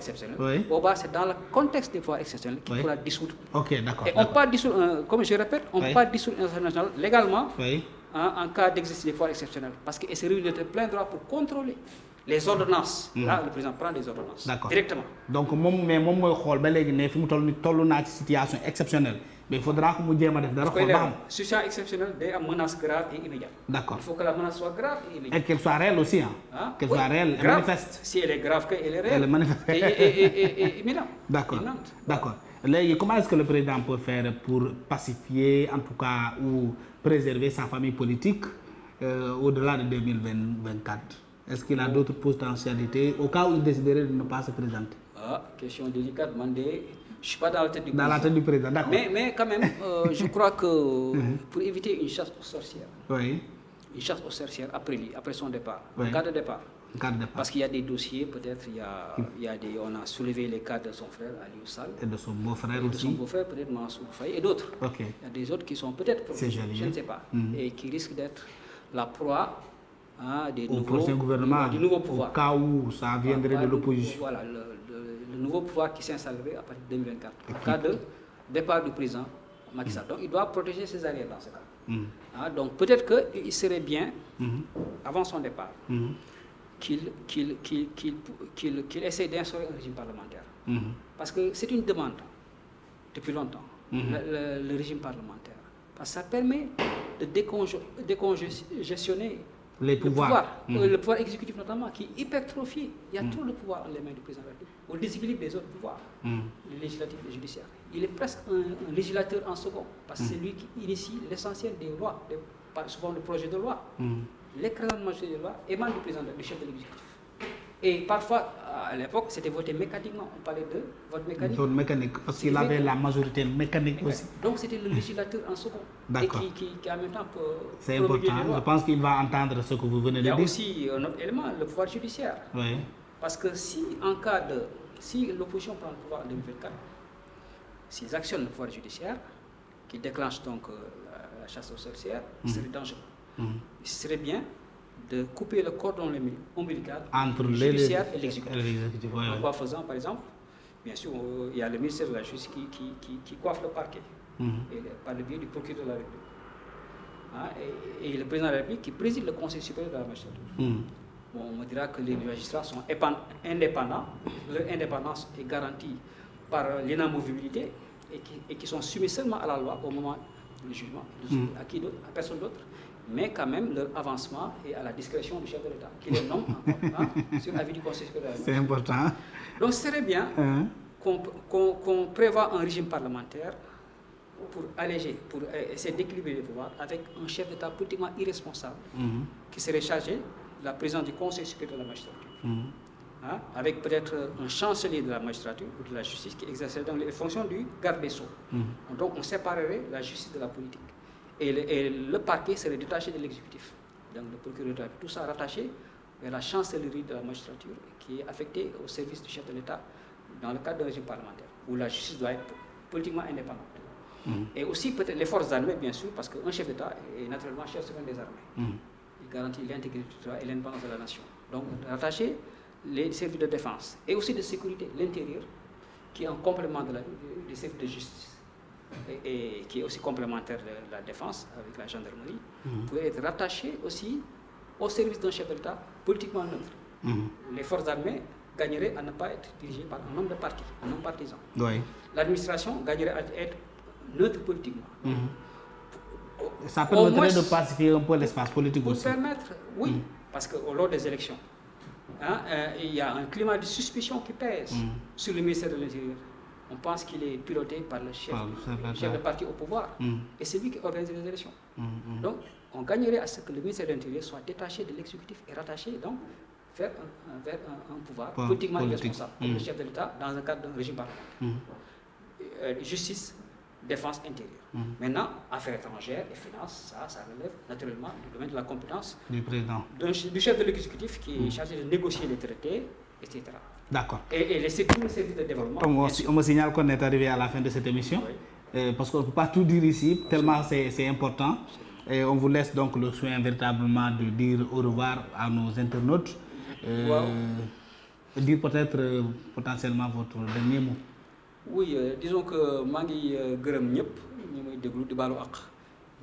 exceptionnels. oui pourra dissoudre. ok d'accord et on peut pas légalement. en cas d'exercice des pouvoirs exceptionnels parce que SRU de plein droit pour contrôler. les ordonnances. Mhm. là le président prend des ordonnances. d'accord donc moom mais moom mooy xool ba léegi ne fi mu mais il faudra que mu jéem a def dara. xool ba xam situation exceptionnelle day am menace grave et il la menace soit grave et immédiate. soit réelle aussi ah. soit réelle et manifeste. si que elle comment est ce que le président peut faire pour pacifier en tout cas ou préserver sa famille politique euh, au delà de deux est ce qu' a d' potentialités au cas où il de ne pas se présenter. Ah, question délicate man de. je suis pas dans la tête du président. mais quand même euh, je crois que. Mhm. pour éviter une chasse aux sorcières. après lui après son départ. oui cas de départ. cas de départ parce qu'il y a des dossiers peut-être mhm. il y a. des on a soulevé les cas de son frère Aliou Sall. et de son beau-frère aussi de son beau-frère et d'autres. qui sont peut-être. c'est je ne sais pas. Mhm. et qui risquent d'être la proie. des nouveaux au prochain où ça viendrait de l'opposition. nouveau pouvoir qui s'installerait à partir de départ du président Macky il doit protéger ses arrières dans ce cas. Mm-hmm. Ah, peut-être qu'il serait bien, mm-hmm. avant son départ, mm-hmm. qu'il qu qu qu essaie d'instaurer un régime parlementaire. que c'est une demande depuis longtemps, le, le, le, régime parlementaire. Parce que ça permet de décongestionner les pouvoirs. Le pouvoir, euh, le pouvoir exécutif notamment, qui hypertrophie. Il y a tout le pouvoir en les mains du président au déséquilibre des autres pouvoirs, hmm. le législatif judiciaire. Il est presque un, législateur en second, parce que mmh. c'est hmm. lui qui initie l'essentiel des lois, des, souvent le projet de loi. Hmm. L'écrasante majorité des lois émane du président, chef de l'exécutif. Et parfois, à l'époque, c'était voté mécaniquement. On parlait de vote mécanique. parce qu'il la majorité mécanique, mécanique. aussi. Donc c'était va entendre ce que vous venez dire. Euh, parce que si en cas de si l'opposition prend le pouvoir en 2024, s'ils actionnent le pouvoir judiciaire, qui déclenche donc euh, la, la, chasse aux sorcières, mhm. serait dangereux. Mhm. Il serait bien de couper le cordon ombilical entre le judiciaire les... et l'exécutif. Ouais, en quoi faisant, par exemple, bien sûr, euh, il y a le ministère de la Justice qui, coiffe le parquet mhm. et, par le biais du procureur la République. et, le président de la République qui préside le Conseil supérieur de la magistrature. Bon, on me dira que les magistrats sont indépendants. Leur indépendance est garantie par euh, l'inamovibilité et qui, et qui sont soumis seulement à la loi au moment du jugement, mmh. à qui d'autre, à personne d'autre, mais quand même leur avancement est à la discrétion du chef de l'État, qui les nomme hein, sur l'avis du Conseil C'est important. Donc, ce serait bien hein? qu'on qu qu prévoit un régime parlementaire pour alléger, pour euh, essayer d'équilibrer les pouvoirs avec un chef d'État politiquement irresponsable mmh. qui serait chargé la présidence du Conseil supérieur de la magistrature. Mm-hmm. avec peut-être un chancelier de la magistrature ou de la justice qui exercerait donc les fonctions du garde mm-hmm. Donc on séparerait la justice de la politique. Et le, parquet serait détaché de l'exécutif. le procureur, tout ça rattaché vers la chancellerie de la magistrature qui est affectée au service du chef de l'État dans le cadre d'un régime parlementaire, où la justice doit être garantit l'intégrité euh, et l'indépendance de la nation. Donc, rattacher les services de défense et aussi de sécurité, l'intérieur, qui est un complément de la, des services de aussi complémentaire de la défense avec la gendarmerie, mmh. pourrait être rattaché aussi au service d'un chef d'État politiquement neutre. Mhm. Les forces armées gagneraient à ne pas être dirigées par un homme de parti, un homme partisan. Oui. L'administration gagnerait à être neutre politiquement. Mhm. ça permettrait moins, politique aussi. permettre, mm. parce que lors des élections, hein, euh, il y a un climat de suspicion qui pèse mm. sur le ministère de l'Intérieur. On pense qu'il est piloté par le chef, de parti au pouvoir. Mm. Et c'est lui qui organise les élections. Donc, on gagnerait à ce que le ministère de l'Intérieur soit détaché de l'exécutif et rattaché donc vers un, pouvoir politiquement politique. responsable, le chef de l'État, dans un cadre d'un régime défense intérieure. Mmh. Maintenant, affaires étrangères et finances, ça, naturellement du domaine de la compétence du président, de, du chef de l'exécutif qui est mm-hmm. chargé de négocier les traités, etc. D'accord. Et, les services de développement. Tom, on, on à la fin de cette émission, euh, parce que ne peut pas tout dire ici, Absolument. tellement c'est important. Et on vous laisse donc le soin véritablement de dire au revoir à nos internautes. Euh, wow. Dire peut-être euh, potentiellement votre dernier mot. oui euh, disons que maa ngi euh, gërëm ñëpp ñu may déglu di baalu àq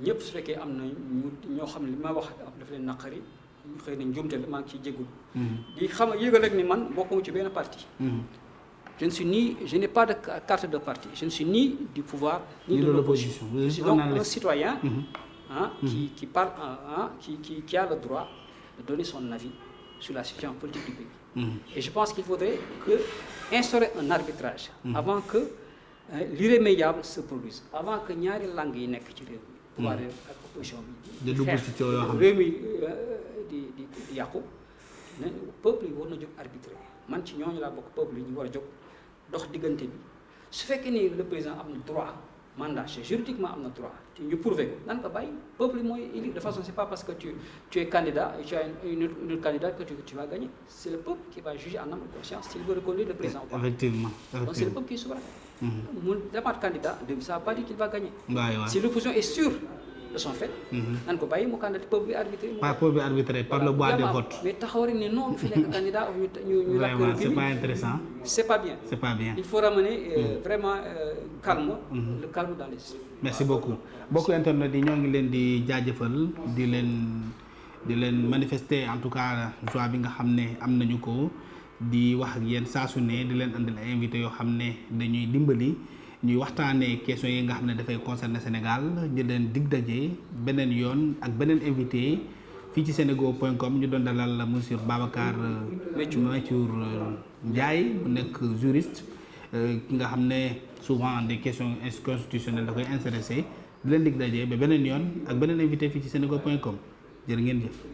ñëpp su fekkee am na ñu ñoo xam ne li ma wax dafa leen naqari xëy na njuumte la maa ngi ci jégalu. Mhm. di xam yëgal rek ni man bokkuma ci benn parti. Mhm. je ne suis ni je n'ai carte de parti je ne suis ni du pouvoir. ni de l'opposition je suis donc un citoyen. ah qui qui parle ah qui qui qui a droit de son avis sur la situation politique du pays. Mhm. Et je pense qu'il faudrait que instaurer un arbitrage mhm. avant que euh, l'irrémédiable se produise avant que ñaari langue yi nekk ci réew mi. Mhm. pouvoir ak opposition bi. di xeex réew mi euh, di di di yàqu. ne peuple yi war na jóg arbitré man ci ñooñu laa bokk peuple yi ñu war a jog dox diggante bi su fekkee ni le présent am na droit mandat c'est juridiquement am na droit. ñu prouver ko nan nga bàyyi peuple mooy élire de façon c'est pas parce que tu es candidat et tu as une une candidate que tu vas gagner c'est le peuple qui va juger en âme et conscience s'il veut reconduire le président ou pas. donc c'est le peuple qui est souverain. Mhm. mu demaat candidat de pas dire qu'il va gagner. si l'opposition est sûre. de son fait. Mhm. nan ko bàyyi mu candidat peuple bi arbitré. waaw ah, peuple bi arbitré par le bois de vote. mais taxaw rek ne fi nekk candidat ñu ñu ñu. vraiment c' est pas intéressant. c' est pas bien c' est pas bien. Euh, mhm. euh, mhm. merci beaucoup mbokku internet yi ñoo ngi leen di jaajëfal di leen di leen manifester en tout cas joie bi nga xam ne am nañu ko di wax ak yéen saa su ne di leen andil ay invité yoo xam ne dañuy dimbali. ñuy waxtaanee questions yi nga xam ne dafay concerner Sénégal ñu leen dig daje beneen yoon ak beneen invité fii ci senego.com ñu doon dalal monsieur Babacar Métiour euh, Ndiaye bu nekk juriste euh, ki nga xam ne souvent des questions constitutionnelles da koy intéressé di leen dig daje ba beneen yoon ak beneen invité fii ci senego.com jërë ngeen jëf